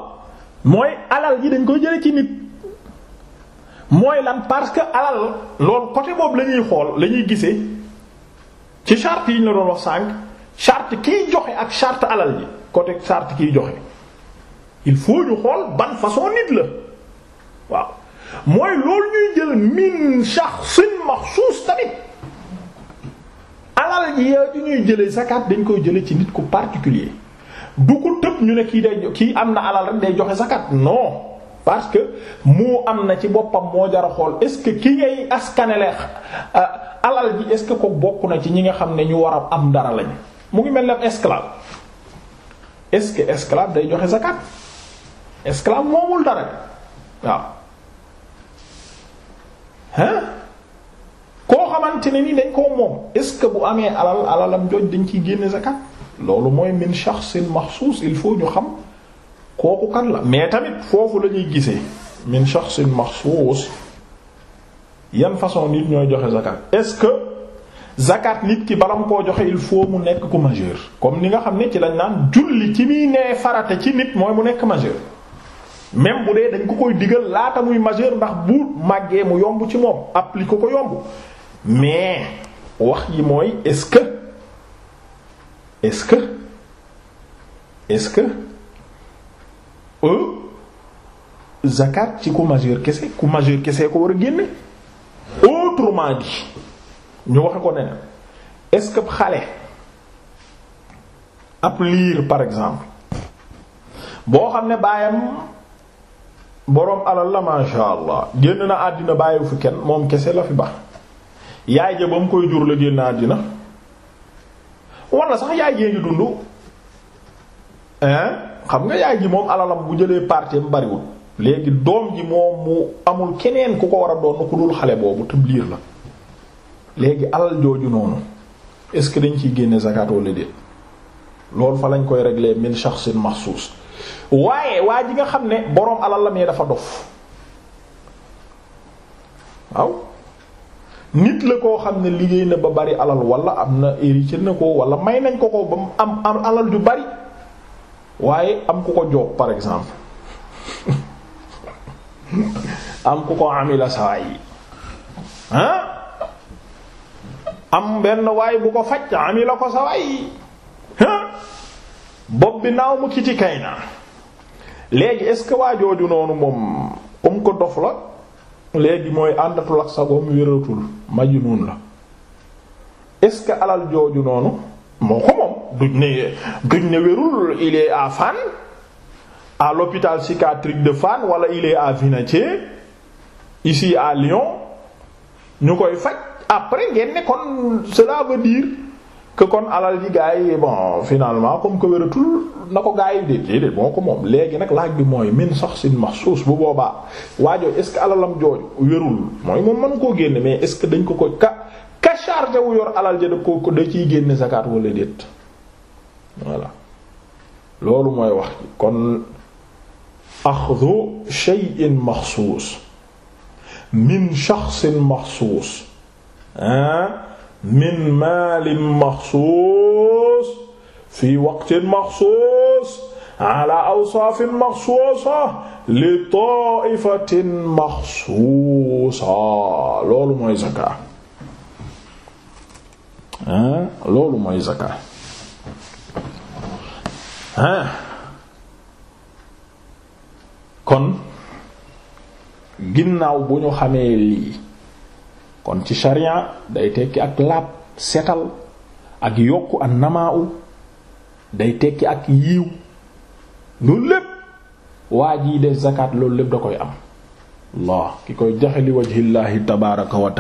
mooy alal ji dañ koy jële ci nit mooy lan parce que alal lool côté boobu la xool lañuy ñuy gisee ci chart yi ñu la doon wax sànq chart kiy joxe ak chart alal ji côté charte kiy joxe il faut ñu xool ban façon nit la waaw mooy loolu ñuy jël min shakhsin maxsuus tamit alal ji yaa ñuy jëlee zakat dañ koy jëlee ci nit ku particulier du ko tëb ñu ne kii day kii am na alal rek day joxe zakat non parce que moo am na ci boppam moo jar a xool est-ce que ki ngay askanele euh, alal ji est-ce que ko bokk na ci ñi nga xam ne ñu war am dara lañ mu ngi mel ne esclave est-ce que day joxe zakat esclave moomul dara waaw hein koo xamante ne ni dañ koo moom est-ce que bu amee alal alalam jooj dañ ciy génne zakat loolu mooy min shaxsin maxsuus il faut ñu xam kooku kan la mais tamit foofu la ñuy gisee min shaxsin maxsuus yan façon nit ñooy joxe zakat est-ce que zakat nit ki balam koo joxe il faut mu nekk ku majeur comme ni nga xam ne ci lañ naan julli ci muy nee farata ci nit mooy mu nekk majeur même bu dee dañ ko koy digal laata muy majeur ndax bu màggee mu yomb ci moom appliquer ko yomb mais wax yi mooy est-ce que est-ce que est-ce que e, zakat ci ku majeur kese ku majeur kese ko war a génne autrement dit ñu waxe ko neneen est-ce que xale ab liir par exemple boo xam ne baayam boroom alal la masha allah génn na àddina bàyyiwu fi kenn moom kese la fi baax yaay ja ba mu koy jur la génn àddina walla sax yaay jee ngi dund xam nga yaay ji moom alalam bu jëlee partie mu bariwul léegi doom ji moom mu amul keneen ku ko war a doon ku dul xale boobu liir la léegi alal jooju noonu est-ce que dañ ciy génne zakat walla déet loolu fa lañ koy régler min shakhsin maxsuus waaye waa ji nga xam ne boroom alal la mais dafa dof waaw nit la koo xam ne liggéey na ba bari alal wala am na héritier na ko wala may nañ ko ko ba am am alal ju bari waaye am ku ko jox par exemple am ku ko amila saa yi ah am benn waay bu ko faj amila ko sa waay bopp bi naaw mu kiti kay léegi est-ce que waa jooju noonu moom comme ko dof la léegi mooy àndatul ak sagoom wératul majnuun la est-ce que alal jooju noonu moo ko moom duñ ne duñ ne wérul il à Fann à l'hôpital psychiatrique de Fann wala il est à Vinatier ici à Lyon ñu koy faj après ngeen ne kon cela veut que kon alal yi gars yi bon finalement comme que wératul na ko gars yi déedéet moo ko moom léegi nag laaj bi mooy min sax sin maxsuus bu boobaa waajoo est ce que alalam jooju wérul mooy moom man koo génne mais est ce que dañ ko ko ka ka chargé wu yor alal ji da ko ko da ciy génne zakat walla déet voilà loolu mooy wax ji kon axdu shay'in maxsuus min shaxsin maxsuus hein min maalin maxsuus fii waqtin maxsuus ala awsaafin maxsuusa li taifatin maxsuusa loolu mooy zakaa hein loolu mooy zakaa hein kon ginnaaw bu ñu xamee lii kon ci sharia day tekki ak laab setal ak yokk ak namaaw day tekki ak yiw loolu lépp waa ji def zakat loolu lépp da koy am Allah ki koy jaxe li wajhillaahi tabaaraka wa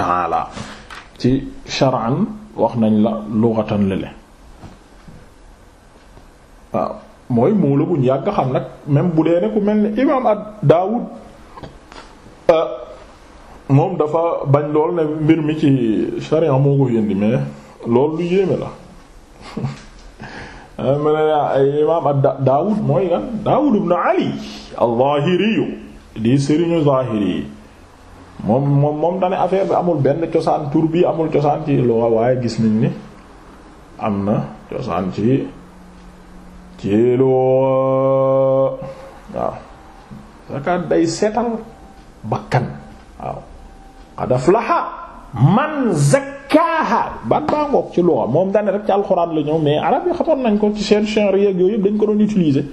ci shar'an wax nañ la lughatan lele mooy moo la buñ yàgg xam nag même bu dee ne mel ni imaam ad Daawud euh, moom dafa bañ lool ne mbir mi ci sharia moo ko yëndi mais loolu lu yéeme la mu ne imaam ad Daawud mooy lan Daawud ibn Ali al-Zahiri di sëriñu Zahiri yi moom moom bi amul benn cosaan tur bi amul cosaan ci loo waaye gis nañ ni am na cosaan ci ci loo waaw sakat day seetal bakkan waaw qad aflaha man zakkaaha baat baa ngoog ci luxa moom dane rek ci alxuraan la ñëw mais arab yi xamoon nañ ko ci seen seen yeeg yooyu yëpp dañ ko doon utiliser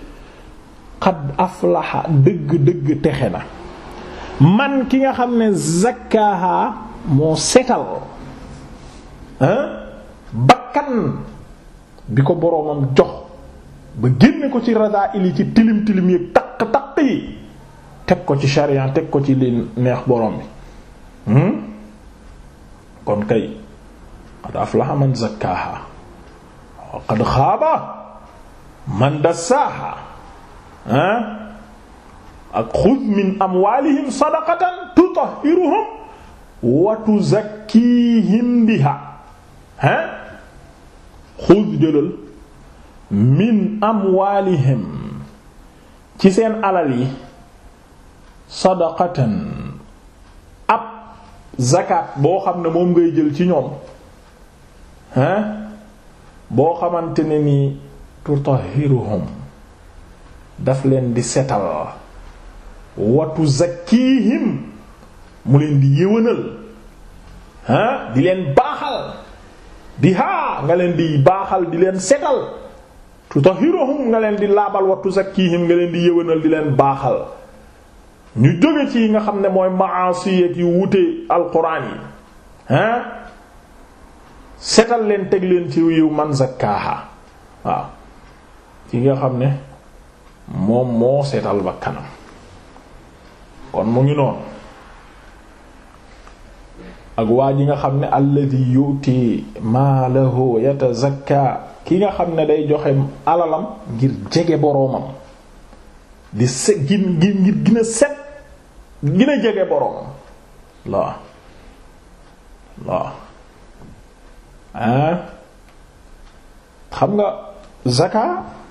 qad aflaha dëgg dëgg texe na man ki nga xam ne zakkaaha moo setal hein bakkan bi ko boroomam jox ba génne ko ci radaa ili ci tilim tilim yi takk takk yi teg ko ci sharia teg ko ci li neex boroom bi Hmm? kon kay qad aflaha man zakkaaha wa qad xaaba man dassaaha ah ak xud min amwaalihim sadaqatan tutahhiruhum wa tuzakkiihim biha ah xud jëlal min amwaalihim ci seen alal yi sadaqatan zakat boo xam ne moom ngay jël ci ñoom hein boo xamante ne nii ni tutahhiruhum daf leen di setal watu zakkihim mu leen di yëwënal hein di leen baaxal di haa nga leen di baaxal di leen setal tutahhiruhum nga leen di laabal watu zakkihim nga leen di yëwënal di leen baaxal ñu jóge ci nga xam ne mooy maasi ak yu wute alquran yi hein setal leen teg leen ci yiw man zakkaaha waaw ci nga xam ne moom moo setal ba kanam kon mu ngi noonu ak waa ji nga xam ne alladhi yu'ti maalahu yatazakka ki nga xam ne day joxe alalam ngir jege boroomam di se ngir ngir gën set gën a jege boroomam laa laa ah xam nga zaka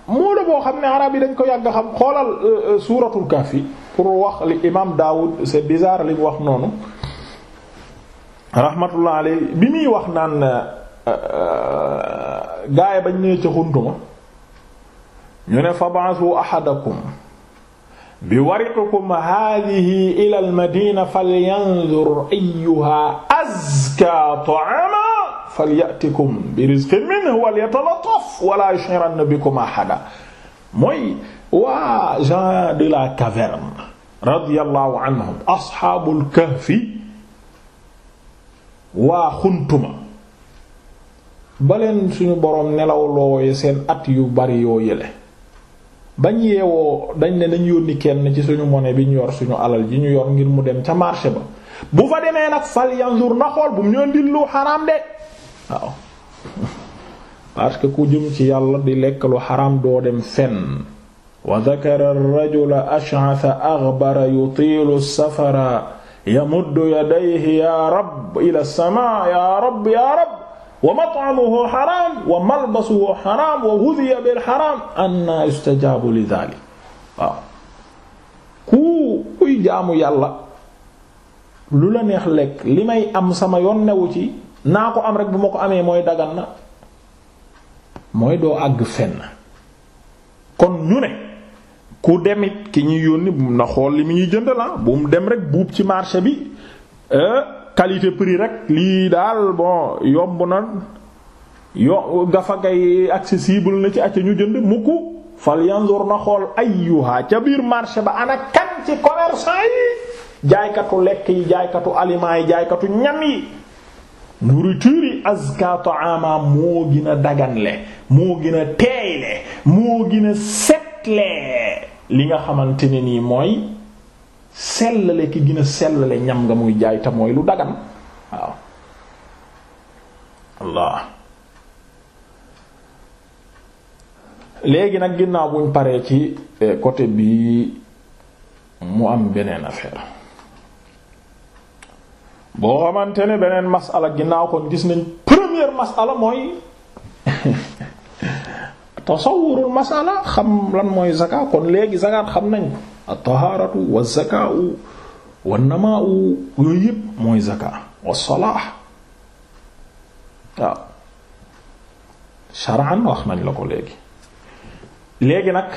moo la xam ne arab yi dañ ko yàgg xam xoolal euh, euh, suuratul Kahfi pour wax li imaam Daoud c'est bizarre li mu wax noonu rahmatullah bi muy wax naan euh, gaay bañ nee ca xuntuma ñu ne fab'athu ahadakum bi wariqikum haadihi ila almadina falyanzur ayyuha azka ta'ama falyatikum bi rizqin minhu walyatalattaf wala yush'iranna bikum ahada mooy waa gens de la caverne radiyallahu anhum ashaabul kahfi waa xuntuma baleen suñu boroom nelaw looye seen at yu bari yoo yële bañ yeewoo dañ ne nañ yónni kenn ci suñu monnaie bi ñu yor suñu alal ji ñu yor ngir mu dem ca marché ba bu fa demee nag fal yanzur na xool bu mu ñoo ndil lu xaraam de parce que ku jëm ci yàlla di lekk lu doo dem fenn wa dakara rajula ash'atha aghbara yutilu safara yamuddu yadayhi ya rab ila sama ya rab ya rab wa mat'amuhu haram wa malbasuhu haram wa ghudhiya kuy jaamu yàlla lu la neex lekk li may am sama yoon newu ci naa ko am rek bu ma ko amee mooy dagan na mooy doo àgg fenn kon ñu ne ku demit ki ñuy yónni bu na xool li mu ñuy jënd la ah, bu mu dem rek buub ci marché bi euh, qualité prix rek lii daal bo yomb na yo gafa gay na ci acca ñu jënd mukk fal yanzur na xool ayyuha ca biir marché ba ana kan ci commerçant yi jaaykatu lekk yi jaaykatu aliment yi jaaykatu ñam yi nourriture yi azka ta'ama moo gën a daganle moo gën teeyle moo gën setle li nga xamante ne nii mooy sellale ki gën a sellale ñam nga muy jaay te mooy lu dagan waaw Allah léegi nag ginnaaw buñ paree ci e, côté bi mu am beneen affaire boo xamante ne beneen masala ginnaaw kon gis nañ première masala mooy tasawurul masala xam lan mooy zakat kon léegi zakat xam nañ at-tahaaratu wa zakaa'u wa namaa'u yooyu yépp mooy zakaa wa salaax waaw wax nañ la ko léegi léegi nag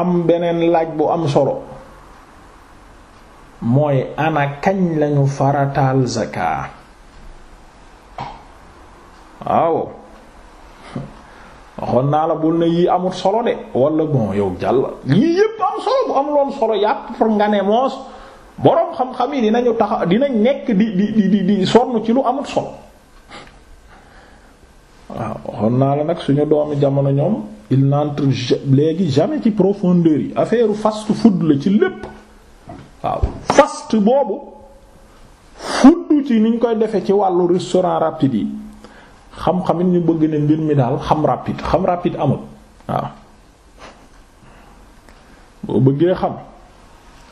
am beneen laaj bu am solo mooy ana kañ lañu farataal zakaa waaw waxoon naa la bul ne yii amul solo de wala bon yow jàll yii yépp am solo bu amuloon solo yàpp pour nga ne moos boroom xam-xam yi taxaw tax dinañ nekk di di di di ci lu amul solo waaw waxoon naa la nag suñu doomi jamono ñoom il n'entre léegi jamais ci profondeur yi affaire fast food la ci lépp waaw fast boobu food ci niñ koy defe ci wàllu restaurant rapide yi xam-xamit ñu bëgg ne mbir mi daal xam rapide xam rapide amul waaw boo bëggee xam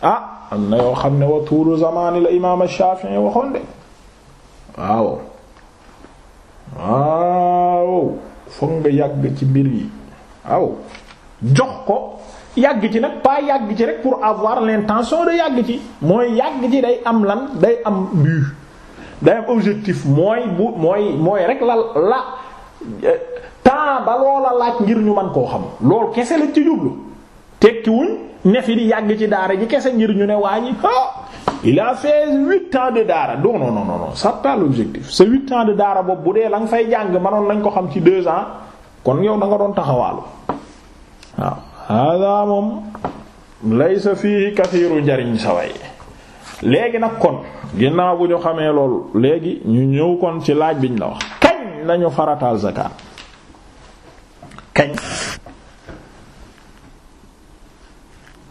ah am na yoo xam ne wa tuuru zamani la imaam Shafi'i waxoon de waaw waaw foog nga yàgg ci mbir yi waaw jox ko yàgg ci nag pas yàgg ci rek pour avoir l'intention de yàgg ci mooy yàgg ci day am lan day am but day objectif mooy bu mooy mooy rek la la euh, temps ba loola laaj ngir ñu mën koo xam lool kese la ci jublu tekkiwuñ ne fi di yàgg ci daara ji kese ngir ñu ne waa ñi ah il a fait huit ans de daara non non non non c'est pas sa huit ans de daara boobu bu dee la nga fay jàng mënoon nañ ko xam ci deux ans kon yow da nga doon taxawaalu waaw hada moom laysa fihi kathiru njariñ saway léegi nag kon ginnaaw bu ñu xamee loolu léegi ñu ñëw kon ci laaj biñ la wax kañ lañu farataal zakat kañ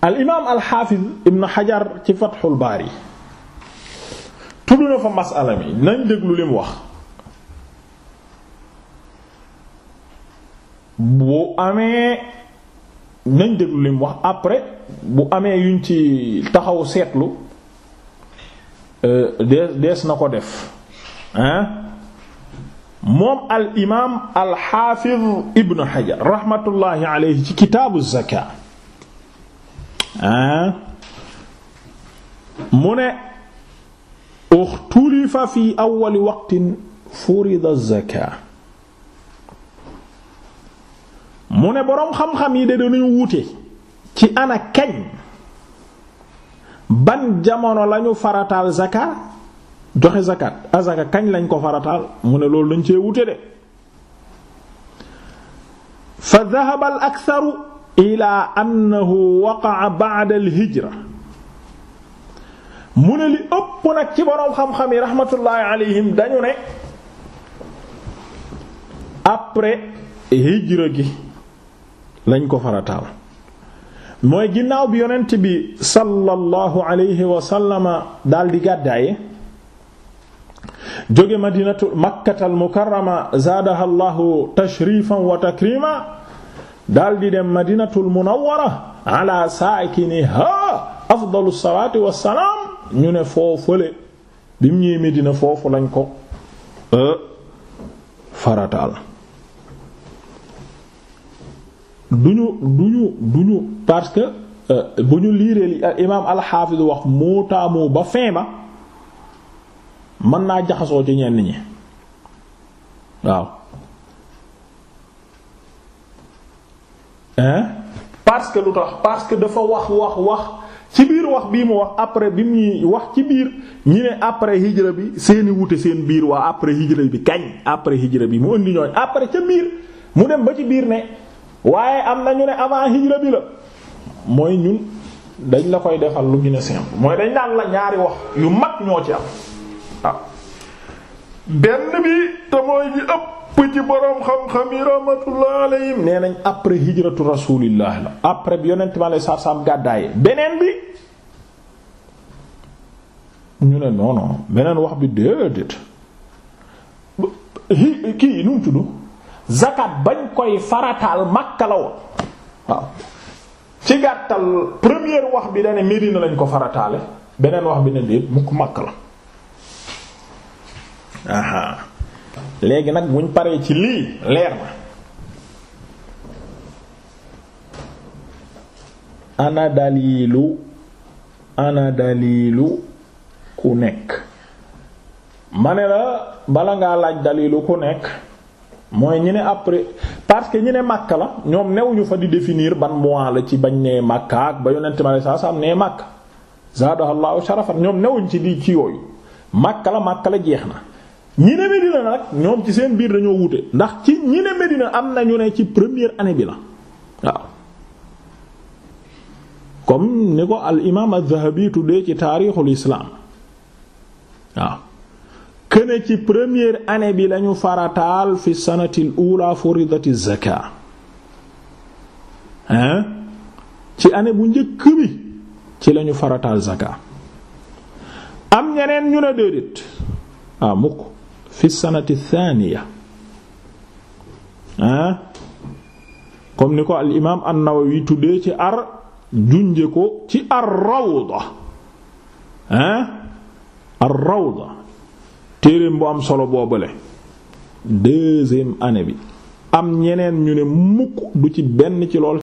al imaam al xaafiz ibn xajar ci fatxul yi tudd na fa masala mi nañ déglu li wax bu amee nañ déglu lim wax après bu amee yuñ ci taxawu seetlu Euh, dees na ko def hein moom al imaam al xaafiz ibn xajar raxmatullaahi alayhi ci kitaabu zakaa hein mu ne uxtulifa fi awwal waqtin furida zakaa mu ne boroom xam-xam yi de dañuy wute ci ana kañ ban jamono lañu farataal zakat joxe zakat azaka ah, kañ lañ ko farataal mu ne loolu dañ cee wute de fa dhahaba al aktharu ila annahu waqa'a ba'da hijra mu ne li ëpp nag ci boroom xam-xam yi alayhim dañu ne après hijra gi lañ ko farataal mooy ginnaaw bi yonent bi sallallahu alayhi wa sallama daal di gàddaaye jóge madinatu makkatal mukarrama zaadaha allahu tashrifan wa takrima daal di dem madinatul munawwara ala saakiniha afdalu salaati wassalaam ñu ne foofule bi mu ñëwee Medina foofu lañ ko euh, farataal duñu duñu duñu parce que euh, bu ñu liiree li imaam alxaafiz wax moo taamu ba fin ba mën naa jaxasoo ci ñenn ñi waaw hein parce que lu tax parce que dafa wax wax wax ci biir wax bii mu wax après bi muy wax ci biir ñi ne après hijra bi seeni wute seen biir waa après hijra bi kañ après hijra bi mu indi ñooñ après ca biir mu dem ba ci biir ne waaye am na ñu ne avant hijra bi la mooy ñun dañ la koy defal lu gën a mooy dañ daan la ñaari wax yu mag ñoo ci am benn bi te mooy ji ëpp ci boroom xam-xam yi rahmatullah alayhim nee nañ après hijratu rasulillah la après bi yonent ma lay sarsam gàddaay beneen bi ñu ne non beneen wax bi déedéet kii nu mu tudd zakat bañ koy farataal Makka la woon waaw ci gàttal première wax bi dane Medina lañ ko farataale beneen wax bi ne déet mukk Makka la léegi nag buñ paree ci lii leer na ana dalilu ana dalilu ku nekk ma ne la bala ngaa laaj dalilu ku nekk mooy ñi ne après parce que ñi ne Makka la ñoom newuñu fa di definiir ban mois la ci bañ nee Makka ak ba yonent ma saa saa nee Makka zaadahallaahu sharafan ñoom newuñ ci di ci yooyu Makka la Makka la jeex na. ñi ne Medina nag ñoom ci seen biir dañoo wute ndax ci ñi ne Medina am na ñu ne ci première année bi la waaw comme ni ko al imaam az-Zahabi tuddee ci taarixul islam waaw. këne ci première année bi lañu farataal fi sanatil ula furidati zaka hein ci année bu njëkk bi ci lañu farataal zaka am ñeneen ñu ne déedéet ah mukk fi sanati thaniya hein comme ni ko al imaam an-Nawawi tuddee ci ar junje ko ci ar rawda hein ar rawda téereem bu am solo boobale deuxième année bi am ñeneen ñu ne mukk du ci benn ci lool